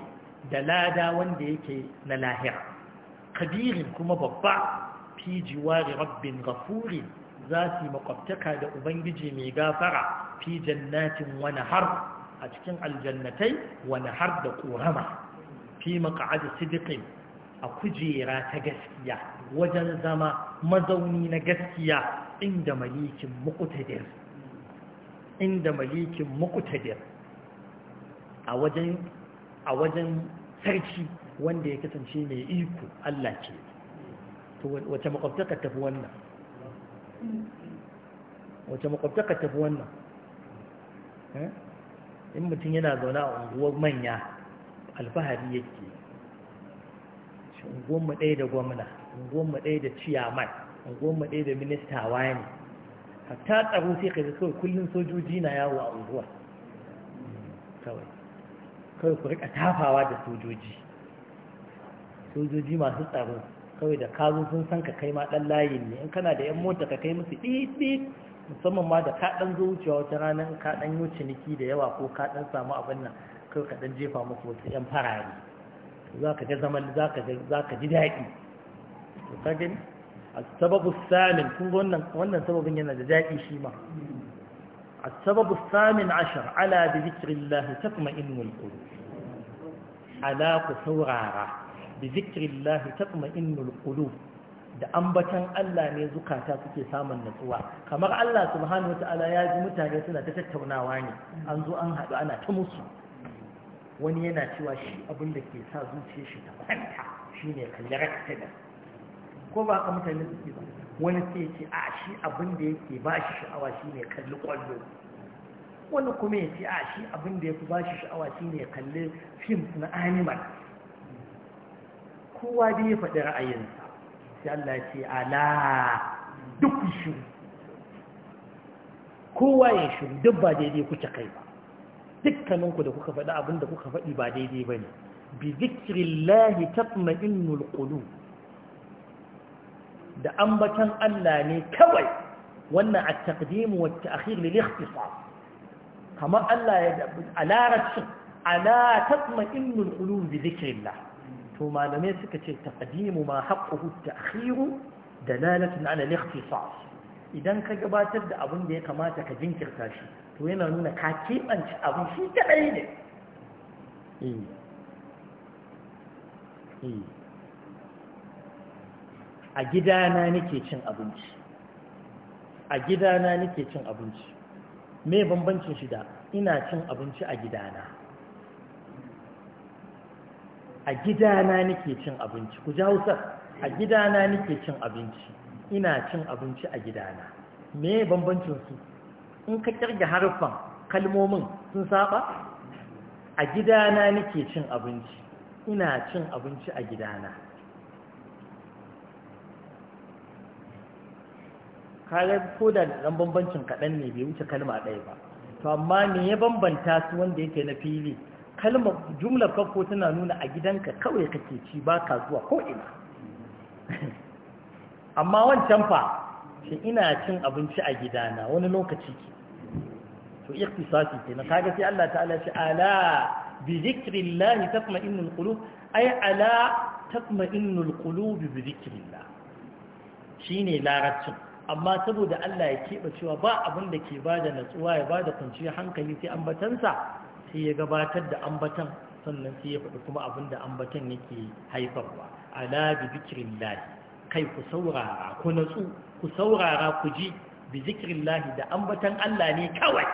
da lada wanda yake na lahira ƙabirin kuma babba fi jiwari rabbin gafuri za su yi makwabtaka da ubangiji mai gafara fi jannatin wani har a cikin aljannatai wani har da ƙorama fi maka'adu sidikin a kujera ta gaskiya wajen zama mazauni na gaskiya inda malikin mukutadir inda malikin mukutadir a wajen a wajen sarki wanda ya kasance mai iko Allah ce to wace makwabtaka tafi wannan wace makwabtaka tafi wannan eh? in mutum yana zaune a unguwar manya alfahari yake unguwar mu ɗaya da gwamna unguwar mu ɗaya da ciyaman unguwar mu ɗaya da minista wani hatta tsaro sai ka ga kawai kullum sojoji na yawo a unguwar kawai kawai ku rika tafawa da sojoji sojoji masu tsaro kawai da kazo sun san ka kai ma dan layin ne in kana da yan mota ka kai musu ɗiɗi musamman ma da ka dan zo wucewa wata rana in ka dan yi ciniki da yawa ko ka dan samu abin nan kawai ka dan jefa musu wasu yan farare za ka ga zaman za ka za ka ji daɗi ka gani a sababu samin kun wannan wannan sababin yana da daɗi shi ma السبب الثامن عشر على بذكر الله تطمئن القلوب على قصورارا بذكر الله تطمئن القلوب da ambatan Allah ne zukata suke samun natsuwa kamar Allah subhanahu wataala ya ji mutane suna ta tattaunawa ne an zo an haɗu ana ta musu wani yana cewa shi abin da ke sa zuciya shi ta kwanta shine kalli da ko ba ka mutane suke ba wani sai ce a shi abin da yake ba shi sha'awa shi ne kalli kwallo wani kuma ya ce a shi abin da ya fi ba shi sha'awa shi ne kalli fim na animal kowa da ya faɗi ra'ayinsa sai Allah ce ala duk shi kowa ya shi duk ba daidai kuke kai ba dukkaninku da kuka faɗi abin da kuka faɗi ba daidai ba ne bi zikirillahi tatma'innul ƙulu da ambatan Allah ne kawai wannan a taƙdimu wata akhir lil ikhtisar kamar Allah ya a larabcin ala tatma qulub bi dhikrillah to malamai suka ce taqdimu ma haqquhu ta'khiru dalalatan ala al ikhtisar idan ka gabatar da abin da ya kamata ka jinkirta shi to yana nuna ka keɓance abin shi kadai ne eh eh a gidana nake cin abinci a gidana nake cin abinci me bambancin shi da ina cin abinci a gidana a gidana nake cin abinci ku ji hausa a gidana nake cin abinci ina cin abinci a gidana me bambancin su in ka kirga harfan kalmomin sun saba a gidana nake cin abinci ina cin abinci a gidana kayan ko da ɗan bambancin kaɗan ne bai wuce kalma ɗaya ba to amma me ya bambanta su wanda yake na fili Kalma, jumlar farko tana nuna a gidanka kawai kake ci ba ka zuwa ko ina amma wancan fa shi ina cin abinci a gidana wani lokaci ke to ke na kaga sai Allah ta'ala shi ala bi zikrillah tatma'innul qulub ay ala tatma'innul qulub bi zikrillah shine larabcin amma saboda Allah ya keɓe cewa ba abin da ke ba da natsuwa ya ba da kwanciyar hankali sai ambatansa sai ya gabatar da ambatan sannan sai ya faɗi kuma abin da ambatan yake haifarwa ala bi zikirin lahi kai ku saurara ku natsu ku saurara ku ji bi zikirin lahi da ambatan Allah ne kawai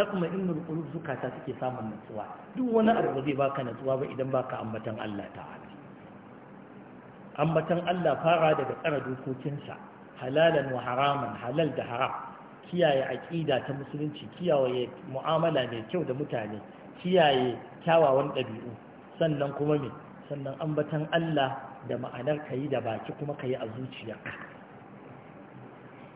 ta kuma in nurkulu zukata suke samun natsuwa duk wani abu zai baka natsuwa ba idan baka ambatan Allah ta'ala ambatan Allah fara daga tsara dokokinsa halalan wa haraman halal da haram kiyaye aƙida ta musulunci kiyaye mu'amala mai kyau da mutane kiyaye kyawawan ɗabi'u sannan kuma me sannan ambatan Allah da ma'anar kayi da baki kuma kayi a zuciya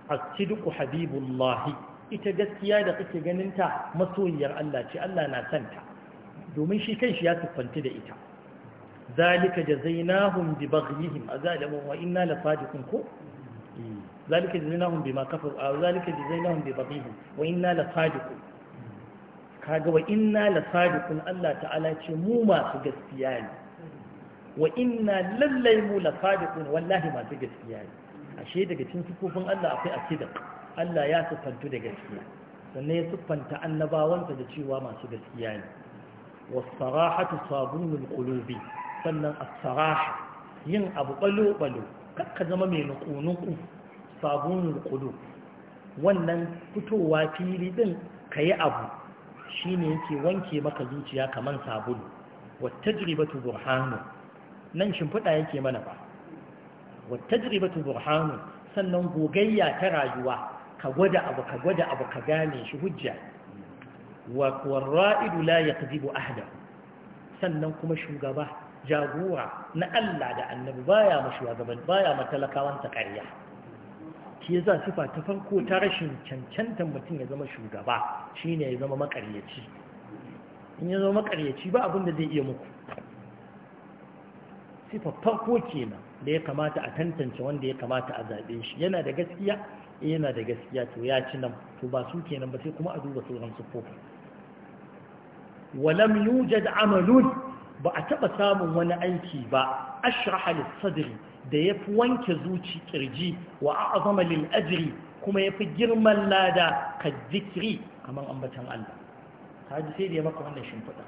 as-sidqu habibullahi ita gaskiya da kake ganin ta masoyiyar Allah ce Allah na santa domin shi kanshi ya siffanti da ita zalika jazainahum bi baghyihim azalamu wa inna lafadiqun ko zalika jazainahum bima kafaru aw zalika jazainahum bi baghihim wa inna la sadiqun kaga wa inna la sadiqun Allah ta'ala ce mu masu gaskiya ne wa inna lallai mu la sadiqun wallahi masu gaskiya ne ashe daga cikin sifofin Allah akwai Allah ya siffantu da gaskiya sannan ya siffanta annabawansa da cewa masu gaskiya ne wasarahatu sabunul qulubi sannan as-saraha yin abu balo balo kakka zama mai nuku nuku sabunul qulub wannan fitowa fili din yi abu shine yake wanke maka zuciya kaman sabulu wat tajribatu burhanu nan shimfiɗa yake mana ba wat tajribatu burhanu sannan gogayya ta rayuwa ka gwada abu ka gwada abu ka gane shi hujja wa ra'idu la yaqdibu ahda sannan kuma shugaba jagora na Allah da annabi baya ma shugaban baya ma talakawan ta ƙarya shi za sifa ta farko ta rashin cancantar mutum ya zama shugaba shi ne ya zama makaryaci in ya zama makaryaci ba abin da zai iya muku sifa farko kenan da ya kamata a tantance wanda ya kamata a zaɓe shi yana da gaskiya eh, yana da gaskiya to ya ci nan to ba su kenan ba sai kuma a duba sauran su sufofi walam yujad amalun ba a taɓa samun wani aiki ba ashraha lissadri da ya fi wanke zuci ƙirji wa a'azama lil kuma ya fi girman lada ka zikiri kamar ambatan Allah ji sai da ya maka wannan shimfiɗa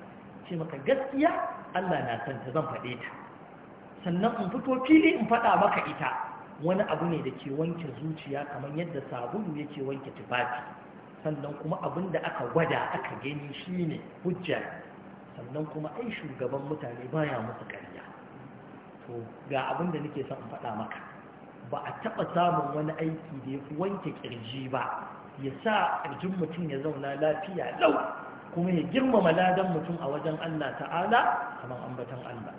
sai maka gaskiya Allah na san ta zan faɗe ta sannan in fito fili in faɗa maka ita wani abu ne da ke wanke zuciya kamar yadda sabulu yake wanke tufafi sannan kuma abin da aka gwada aka gani shine hujja sannan kuma ai shugaban mutane baya musu ƙarya to ga abin da nake son faɗa maka ba a taɓa samun wani aiki da ya fi wanke ƙirji ba ya sa ƙirjin mutum ya zauna lafiya lau kuma ya girmama ladan mutum a wajen Allah ta'ala kamar ambatan Allah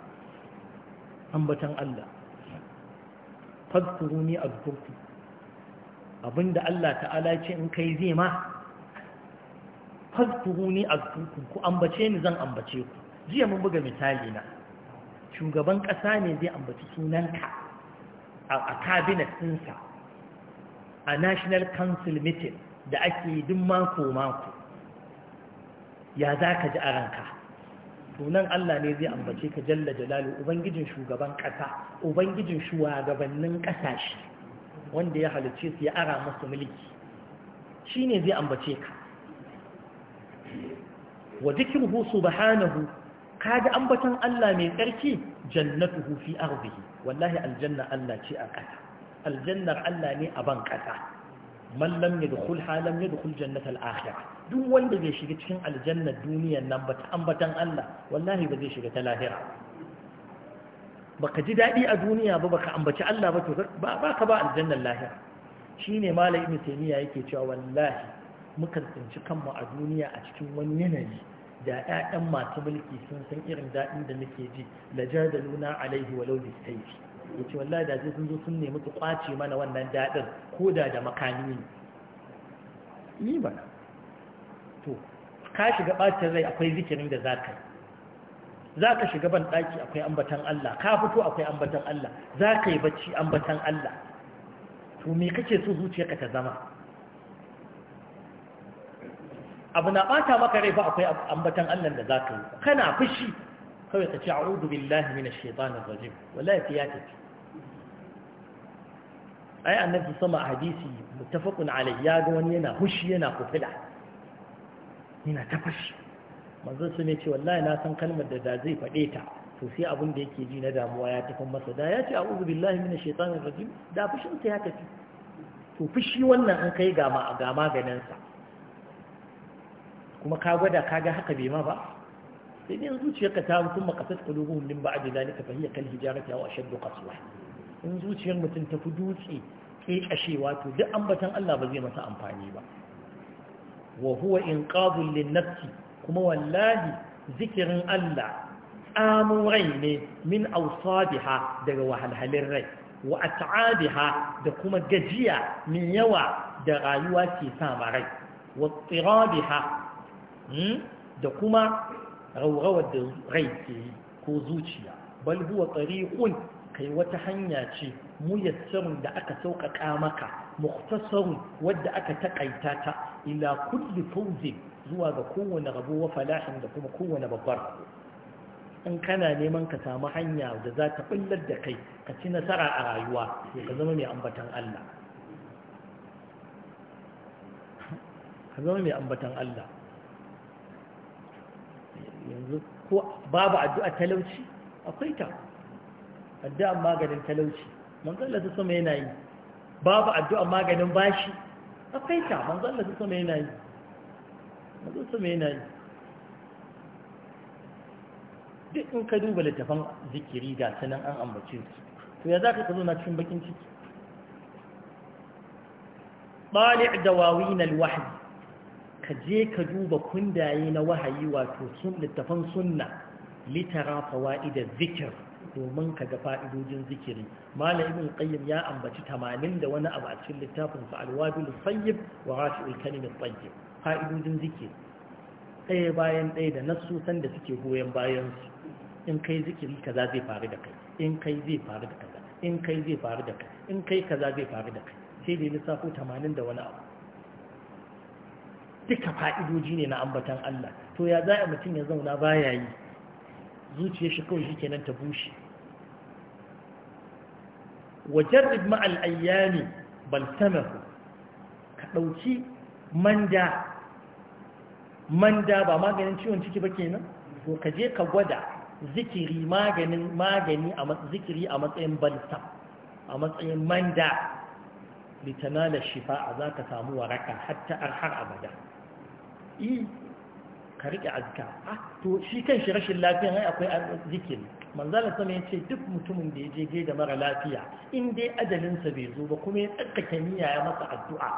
ambatan Allah fadkuruni abkurku abinda Allah ta'ala ce in kai zai ma ni a ku ambace ni zan ambace ku jiya mun buga misali na shugaban ƙasa ne zai ambaci sunanka a cabinet ɗinsa a national council meeting da ake duk mako-mako ya za ka ji a ranka tunan Allah ne zai ambace ka jalla jalalu ubangijin shugaban ƙasa ubangijin shugabannin ƙasashe wanda ya halicce su ya ara masu mulki shi ne zai ambace ka wa dhikruhu subhanahu kaga ambatan Allah mai tsarki jannatuhu fi ardihi wallahi aljanna Allah ce a kasa aljannar Allah ne a ban kasa man lam yadkhul halam yadkhul jannata al-akhirah duk wanda bai shiga cikin aljannar duniyar nan ba ta ambatan Allah wallahi ba zai shiga ta lahira baka ji daɗi a duniya ba baka ambaci Allah ba to ba ka ba aljannar lahira shine malai ibn taymiya yake cewa wallahi mukan tsinci kanmu a duniya a cikin wani yanayi da ƴaƴan masu mulki sun san irin daɗin da muke ji da jadaluna alaihi walau bi saifi yace wallahi da sun zo sun nemi su kwace mana wannan daɗin ko da da makami ne ni ba to ka shiga bacin rai akwai zikirin da za ka yi za ka shiga ban daki akwai ambatan Allah ka fito akwai ambatan Allah za ka yi bacci ambatan Allah to me kake so zuciyarka ta zama abu na bata maka rai ba akwai ambatan Allah da za ka yi kana fushi kawai ka ce a'udhu billahi minash shaitanir rajim wallahi ya tafi ai annabi sama a hadisi muttafaqun alayhi ya ga wani yana fushi yana kufida. yana ta fashi manzon su ne ce wallahi na san kalmar da da zai faɗe ta to sai abin da yake ji na damuwa ya tafi masa da ya ce a'udhu billahi minash shaitanir rajim da fushin sa ya tafi to fushi wannan an kai gama a gama ganin sa kuma ka gwada ka ga haka bai ma ba sai dai zuciyarka ta mutum makasar kulubuhun min ba'ad zalika fa hiya kal hijarati aw ashaddu qaswa in zuciyar mutum ta fi dutse ke kashewa to duk ambatan Allah ba zai masa amfani ba wa huwa inqadun lin kuma wallahi zikirin Allah tsamun rai ne min ausabiha daga wahalhalin rai wa at'abiha da kuma gajiya min yawa da rayuwa ke sama rai wa tsirabiha Hmm? da kuma raurawar da rai ke yi ko zuciya balbuwa huwa kai wata hanya ce muyassarun da aka sauƙaƙa maka muktasarun wadda aka taƙaita ta ila kulli fauzin zuwa ga kowane rabuwa, wa da kuma kowane babbar in kana neman ka samu hanya da za ta ɓullar da kai ka ci nasara a rayuwa sai ka zama mai ambatan Allah ka zama mai ambatan Allah yanzu ko babu addu'a talauci akwai ta addu'a maganin talauci manzalla su sama yana yi babu addu'a maganin bashi akwai ta manzalla su sama yana yi manzalla sama yana yi duk in ka duba littafan zikiri ga sanan an ambace su to ya za ka zo na cikin bakin ciki da wawinal الوحد ka je ka duba kundaye na wahayi wato sun littafan sunna litara fawaida zikir domin ka ga fa'idojin zikiri malam ibn qayyim ya ambaci 80 da wani abu a cikin littafin sa alwabil sayyib wa rashi'ul kalim at-tayyib fa'idojin zikiri ɗaya bayan ɗaya da nasusan da suke goyon bayan su in kai zikiri kaza zai faru da kai in kai zai faru da kaza in kai zai faru da kai in kai kaza zai faru da kai sai da lissafo 80 da wani abu duka fa'idoji ne na ambatan Allah to ya za mutum ya zauna baya yi zuciya shi kawai shi kenan ta bushe wajen ma'al ayyami balsamahu ka ɗauki manda manda ba maganin ciwon ciki ba kenan to ka je ka gwada zikiri maganin magani a zikiri a matsayin balsam a matsayin manda litanala shifa'a za ka samu waraka hatta har abada yi e, ka riƙe azka to shi kan shi rashin lafiya ne akwai zikin manzala sama ya ce duk mutumin da ya je gai da mara lafiya in dai ajalinsa bai zo ba kuma ya tsakka niyya ya masa addu'a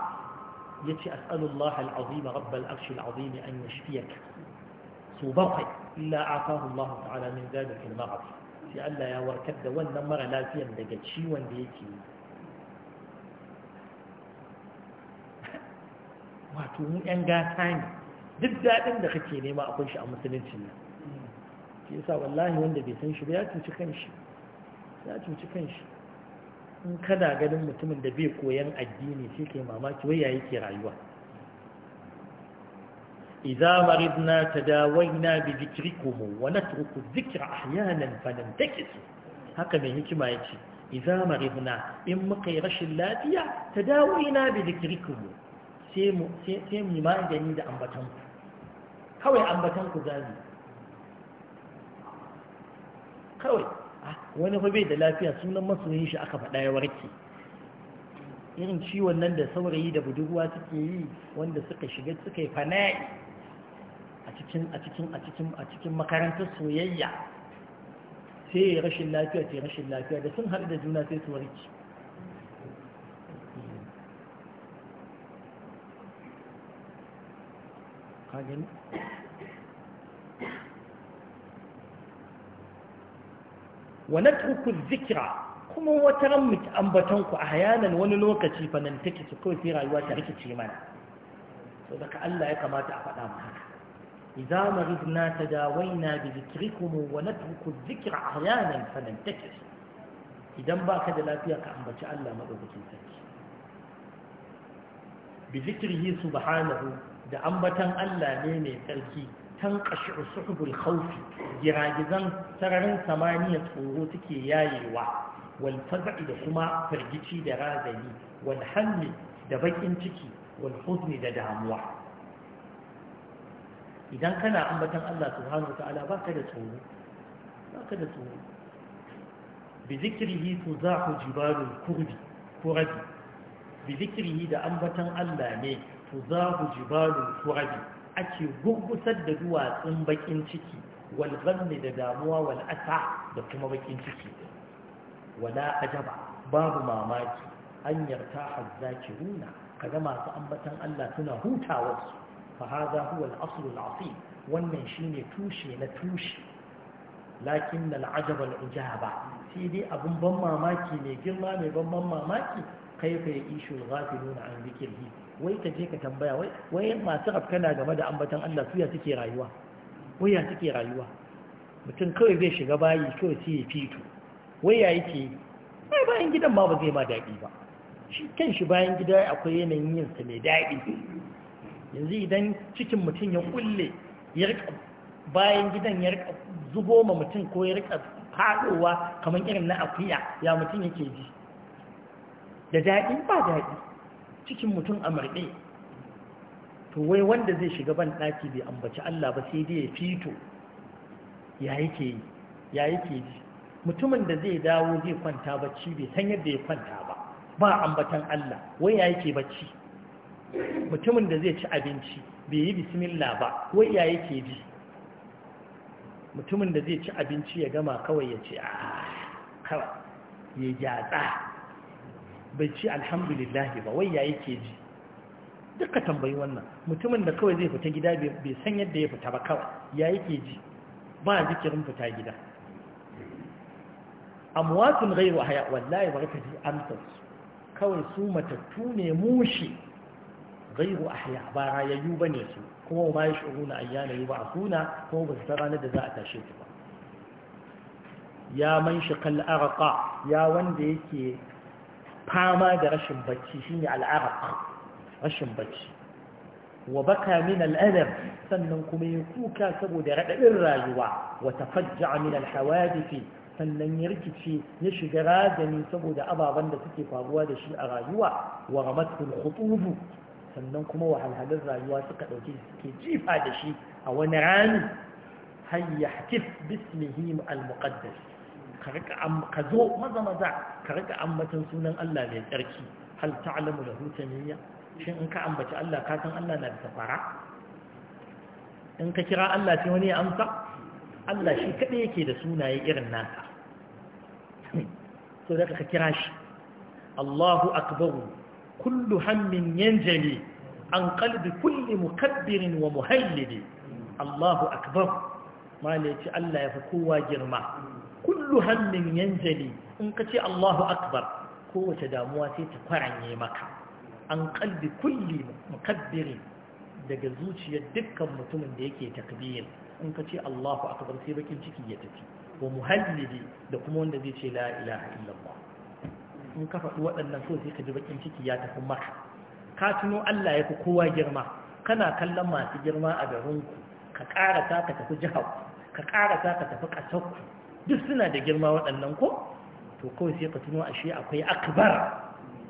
ya ce as'alullah al'azim rabbal arshi al'azim an yashfiyaka so bakwai illa afahu Allah ta'ala min zalika marad sai Allah ya warkar da wannan mara lafiyan daga ciwon da yake yi wato mu 'yan gata ne duk daɗin da kake nema akwai shi a musulunci nan Ke yasa wallahi wanda bai san shi ba ya cuci kanshi ya cuci kanshi in kana ganin mutumin da bai koyan addini sai kai mamaki wai ya yake rayuwa إذا مرضنا تداوينا بذكركم ونترك الذكر أحيانا فننتكس هكذا هكما يتي إذا مرضنا إن مقيرش اللاتية تداوينا بذكركم سيم سيم ما جنيد أنبتنكم kawai ambatan ku zami kawai ah, wani fa bai da lafiya sunan masoyin shi aka faɗa ya warke irin ciwon nan da saurayi da budurwa suke yi wanda suka shiga suka yi fana'i a cikin a cikin a cikin a cikin makarantar soyayya sai rashin lafiya sai rashin lafiya da sun haɗu da juna sai su warke ka gani wa kuma wata ran mu a hayanan wani lokaci fa take su kawai sai rayuwa ta rikice mana to daga Allah ya kamata a faɗa mu haka ta maridna tadawaina bi kuma wa ku zikira a hayanan fannin take idan baka da lafiya ka ambaci Allah madaukakin sarki bi dhikrihi subhanahu da ambatan Allah ne mai tsarki tanqashu suhbul khawf giragizan sararin samaniya tsoro take yayewa wal faz'i da kuma firgici da razani wal hammi da bakin ciki wal huzni da damuwa idan kana ambatan Allah subhanahu wataala baka da tsoro baka da tsoro bi zikrihi tuzahu jibalul kurdi kurdi bi zikrihi da ambatan Allah ne tuzahu jibalul furaji ake gurgusar da duwatsun bakin ciki wal ghammi da damuwa wal da kuma bakin ciki wala ajaba babu mamaki an yarta hazzakiruna kaga masu ambatan Allah suna hutawar su fa hadha huwa al-asl al-asim wannan shine tushe na tushe lakin al-ajaba al-ijaba sai dai abun ban mamaki ne girma mai ban ban mamaki Kai kai ishu al-ghafiluna an dhikrihi wai ka je ka tambaya wai wai masu rafkana game da ambatan Allah su ya suke rayuwa wai ya suke rayuwa mutum kawai bai shiga bayi kawai sai ya fito wai ya yake ai bayan gidan ma ba zai ma daɗi ba shi kan shi bayan gida akwai yanayin yinsa mai daɗi yanzu idan cikin mutum ya kulle ya rika bayan gidan ya rika zubo ma mutum ko ya rika faɗowa kamar irin na akuya ya mutum yake ji da daɗi ba daɗi cikin mutum a marɗe to wai wanda zai shiga ban ɗaki bai ambaci Allah ba sai dai ya fito ya yake yi ya yake ji mutumin da zai dawo zai kwanta bacci bai san yadda ya kwanta ba ba ambatan Allah wai ya yake bacci mutumin da zai ci abinci bai yi bismillah ba wai ya yake ji mutumin da zai ci abinci ya gama kawai ya ce a ah, kawai ya gyatsa bai ci alhamdulillah ba wai ya yake ji duka tambayi wannan mutumin da kawai zai fita gida bai san yadda ya fita ba kawai ya yake ji ba zikirin fita gida amwatun ghairu haya wallahi barka ji amsar kawai su matattu ne mushi ya yiwu ba rayayyu su kuma ba yanayi yashuruna a suna ko ba su ranar da za a tashe su ba ya man shaqal arqa ya wanda yake fama da rashin bacci shine al'araq rashin bacci wa baka min al'adar sannan kuma ya kuka saboda raɗaɗin rayuwa wa tafajja min al sannan ya rikice ya shiga ragani saboda ababen da suke faruwa da shi a rayuwa wa ramatul khutubu sannan kuma wahalhalin rayuwa suka ɗauke suke jifa da shi a wani rani har bismihim al-muqaddas ka zo maza maza ka rika ambatan sunan Allah mai tsarki hal ta'lamu da hutaniya. shin in ka ambaci Allah ka san Allah na da safara in ka kira Allah sai wani ya amsa Allah shi kadai yake da sunaye irin nasa so daga ka kira shi Allahu akbar kullu hammin yanjali an qalbi kulli mukabbirin wa muhallili Allahu akbar malai Allah ya fi kowa girma kullu hannun yanjali in ka ce Allahu akbar kowace damuwa sai ta kwaranye maka an kalbi kulli mukabbiri daga zuciyar dukkan mutumin da yake takbir in ka ce Allahu akbar sai bakin ciki ya tafi wa muhallili da kuma wanda zai ce la ilaha illallah in ka faɗi waɗannan so sai ka ji bakin ciki ya tafi maka ka tuno Allah ya fi kowa girma kana kallon masu girma a garinku ka ƙara ta ka tafi jihar ka ƙara ta ka tafi ƙasarku duk suna da girma waɗannan ko to kawai sai ka tuno ashe akwai akbar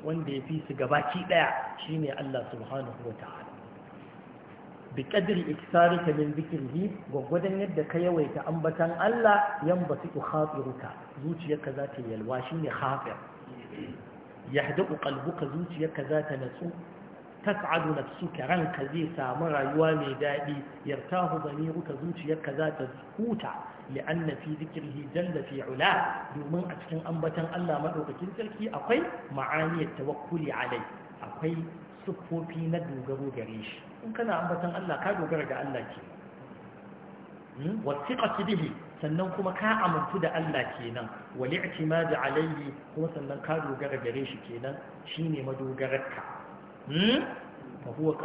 wanda ya fi su gabaki ɗaya shine Allah subhanahu wa ta'ala bi qadri iktsarika min dhikrihi gwaggwadon yadda ka yawaita ambatan Allah yan basitu khatiruka zuciyarka za ta yalwa shine khatir yahdu qalbuka zuciyarka za ta natsu tas'adu nafsuka ranka zai samu rayuwa mai daɗi yartahu zamiruka zuciyarka za ta huta li'anna fi zikrihi jalla fi ula domin a cikin ambatan Allah madaukakin sarki akwai ma'aniyar tawakkuli alai akwai siffofi na dogaro gare shi in kana ambatan Allah ka dogara ga Allah ke hmm? bihi sannan kuma ka amintu da Allah kenan wal i'timadu alayhi kuma sannan ka dogara gare shi kenan shine madogararka Hmm? fa huwa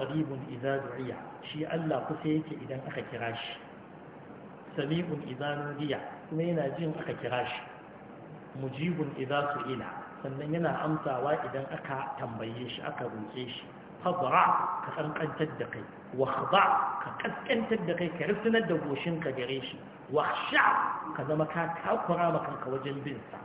Iza idza shi Allah kusa yake idan aka kira shi sami'un idza nudiya kuma yana jin aka kira shi mujibun idza su'ila sannan yana amsawa idan aka tambaye shi aka roƙe shi fadra ka kankantar da kai wa ka kaskantar da kai ka rufunar da goshin ka gare shi wa ka zama ka takura maka wajen binsa.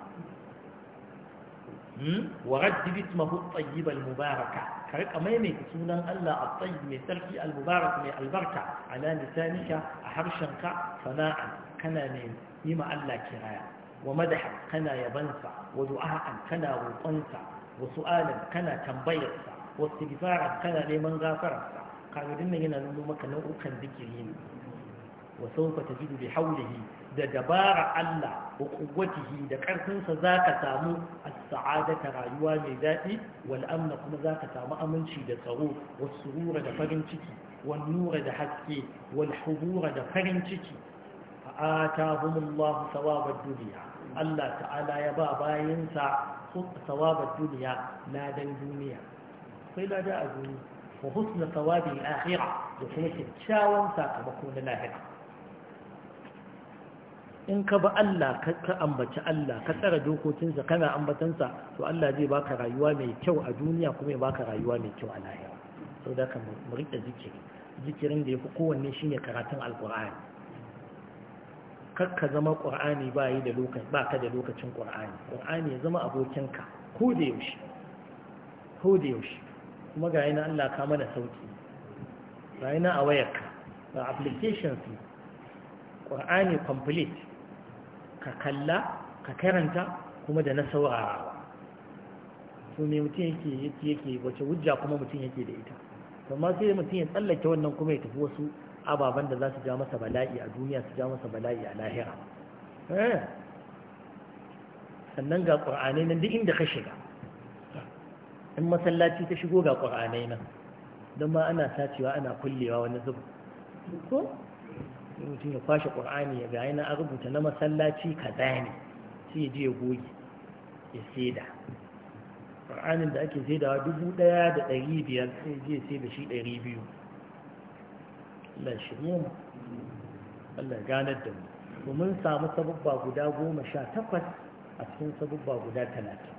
Hmm? wa rajjib ismahu at-tayyib al-mubaraka ka rika maimaita sunan Allah at-tayyib mai sarki al-mubarak mai albarka ala lisanika a harshenka sana'a kana ne yi ma Allah kiraya wa madaha kana yabansa wa du'a'an kana roƙonsa wa su'alan kana tambayarsa wa istighfaran kana neman gafararsa kaga dinnan yana nuna maka nau'ukan digiri ne wa sawfa tajidu bi hawlihi da dabara Allah wa hi da karfinsa zaka samu as ta rayuwa mai dadi wal amna kuma zaka samu aminci da tsaro was surura da farin ciki wal nura da haske wal hudura da farin ciki atahumullahu thawabad dunya Allah ta'ala ya ba bayinsa thawabad dunya ladan duniya sai lada a duniya wa husna thawabil akhirah da kuma kyakkyawan sakamako na lahira in ka ba Allah ka ambaci Allah ka tsara dokokinsa kana ambatansa to Allah zai baka rayuwa mai kyau a duniya kuma ya baka rayuwa mai kyau a lahira sau da ka marita zikiri zikirin da ya fi kowanne shi ne karatun alkur'ani kakka zama ƙur'ani ba yi da lokaci ba ka da lokacin ƙur'ani ƙur'ani ya zama abokinka ko da yaushe ko da yaushe kuma ga yana Allah ka mana sauki ga yana a wayarka ga applications ne ƙur'ani complete ka kalla ka karanta kuma da na saurawa. to me mutum yake yake yake wace wujja kuma mutum yake da ita amma sai mutum ya tsallake wannan kuma ya tafi wasu ababen da za su ja masa bala'i a duniya su ja masa bala'i a lahira eh. sannan ga ƙur'anai nan duk inda ka shiga in masallaci ta shigo ga ƙur'anai nan don ma ana sacewa ana kullewa wani zuba ko mutum ya kwashe ƙur'ani ya ga na an rubuta na masallaci kaza ne sai ya je ya goge ya saida ƙur'anin da ake saidawa dubu ɗaya da ɗari biyar sai ya je ya saida shi ɗari biyu lashe mu Allah ganar da mu mun samu sabubba guda goma sha takwas a cikin sabubba guda talatin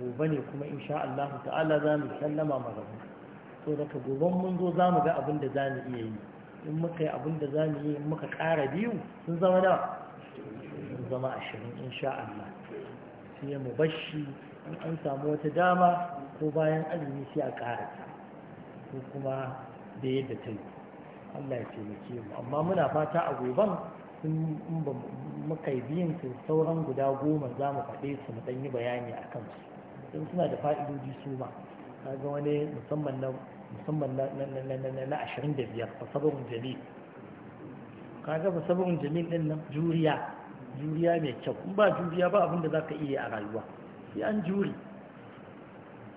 gobe ne kuma insha Allah ta'ala za mu sallama mu rabu so daga goben mun zo za mu ga abin da za mu iya yi in muka yi abin da za mu yi muka ƙara biyu sun zama da sun zama ashirin insha Allah sai mu bashi in an samu wata dama ko bayan azumi sai a ƙara ta ko kuma da yadda ta yi Allah ya taimake mu amma muna fata a goban in muka yi biyan su sauran guda goma za mu faɗe su mu ɗan yi bayani a kansu don suna da fa'idodi su ma kaga wani musamman na musamman na ashirin da biyar fasabarun jamil kaga fasabarun jamil ɗin nan juriya juriya mai kyau in ba juriya ba abinda za ka iya a rayuwa sai an juri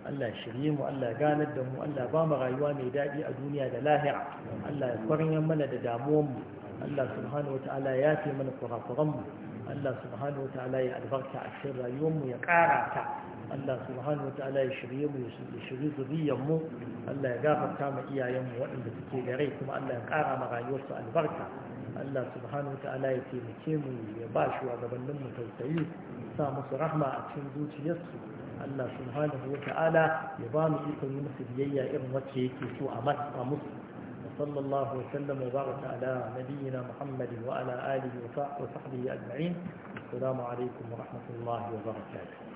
Allah shirye mu Allah ganar da mu Allah ba mu rayuwa mai daɗi a duniya da lahira Allah ya kwarin mana da mu. Allah subhanahu wa ta'ala ya fi mana mu. Allah subhanahu wa ta'ala ya albarka a cikin rayuwarmu ya ƙara ta Allah subhanahu wa ta'ala ya shirye mu ya shirye zuriyar mu Allah ya gafarta mu iyayen mu waɗanda suke da rai kuma Allah ya ƙara ma rayuwarsu albarka Allah subhanahu wa ta'ala ya taimake mu ya ba shi wa gabanin mu tausayi sa musu rahma a cikin zuciyarsu Allah subhanahu wa ta'ala ya ba mu ikon yi musu biyayya irin wacce yake so a musu وصلى الله وسلم وبارك على نبينا محمد وعلى آله وصحبه أجمعين السلام عليكم ورحمة الله وبركاته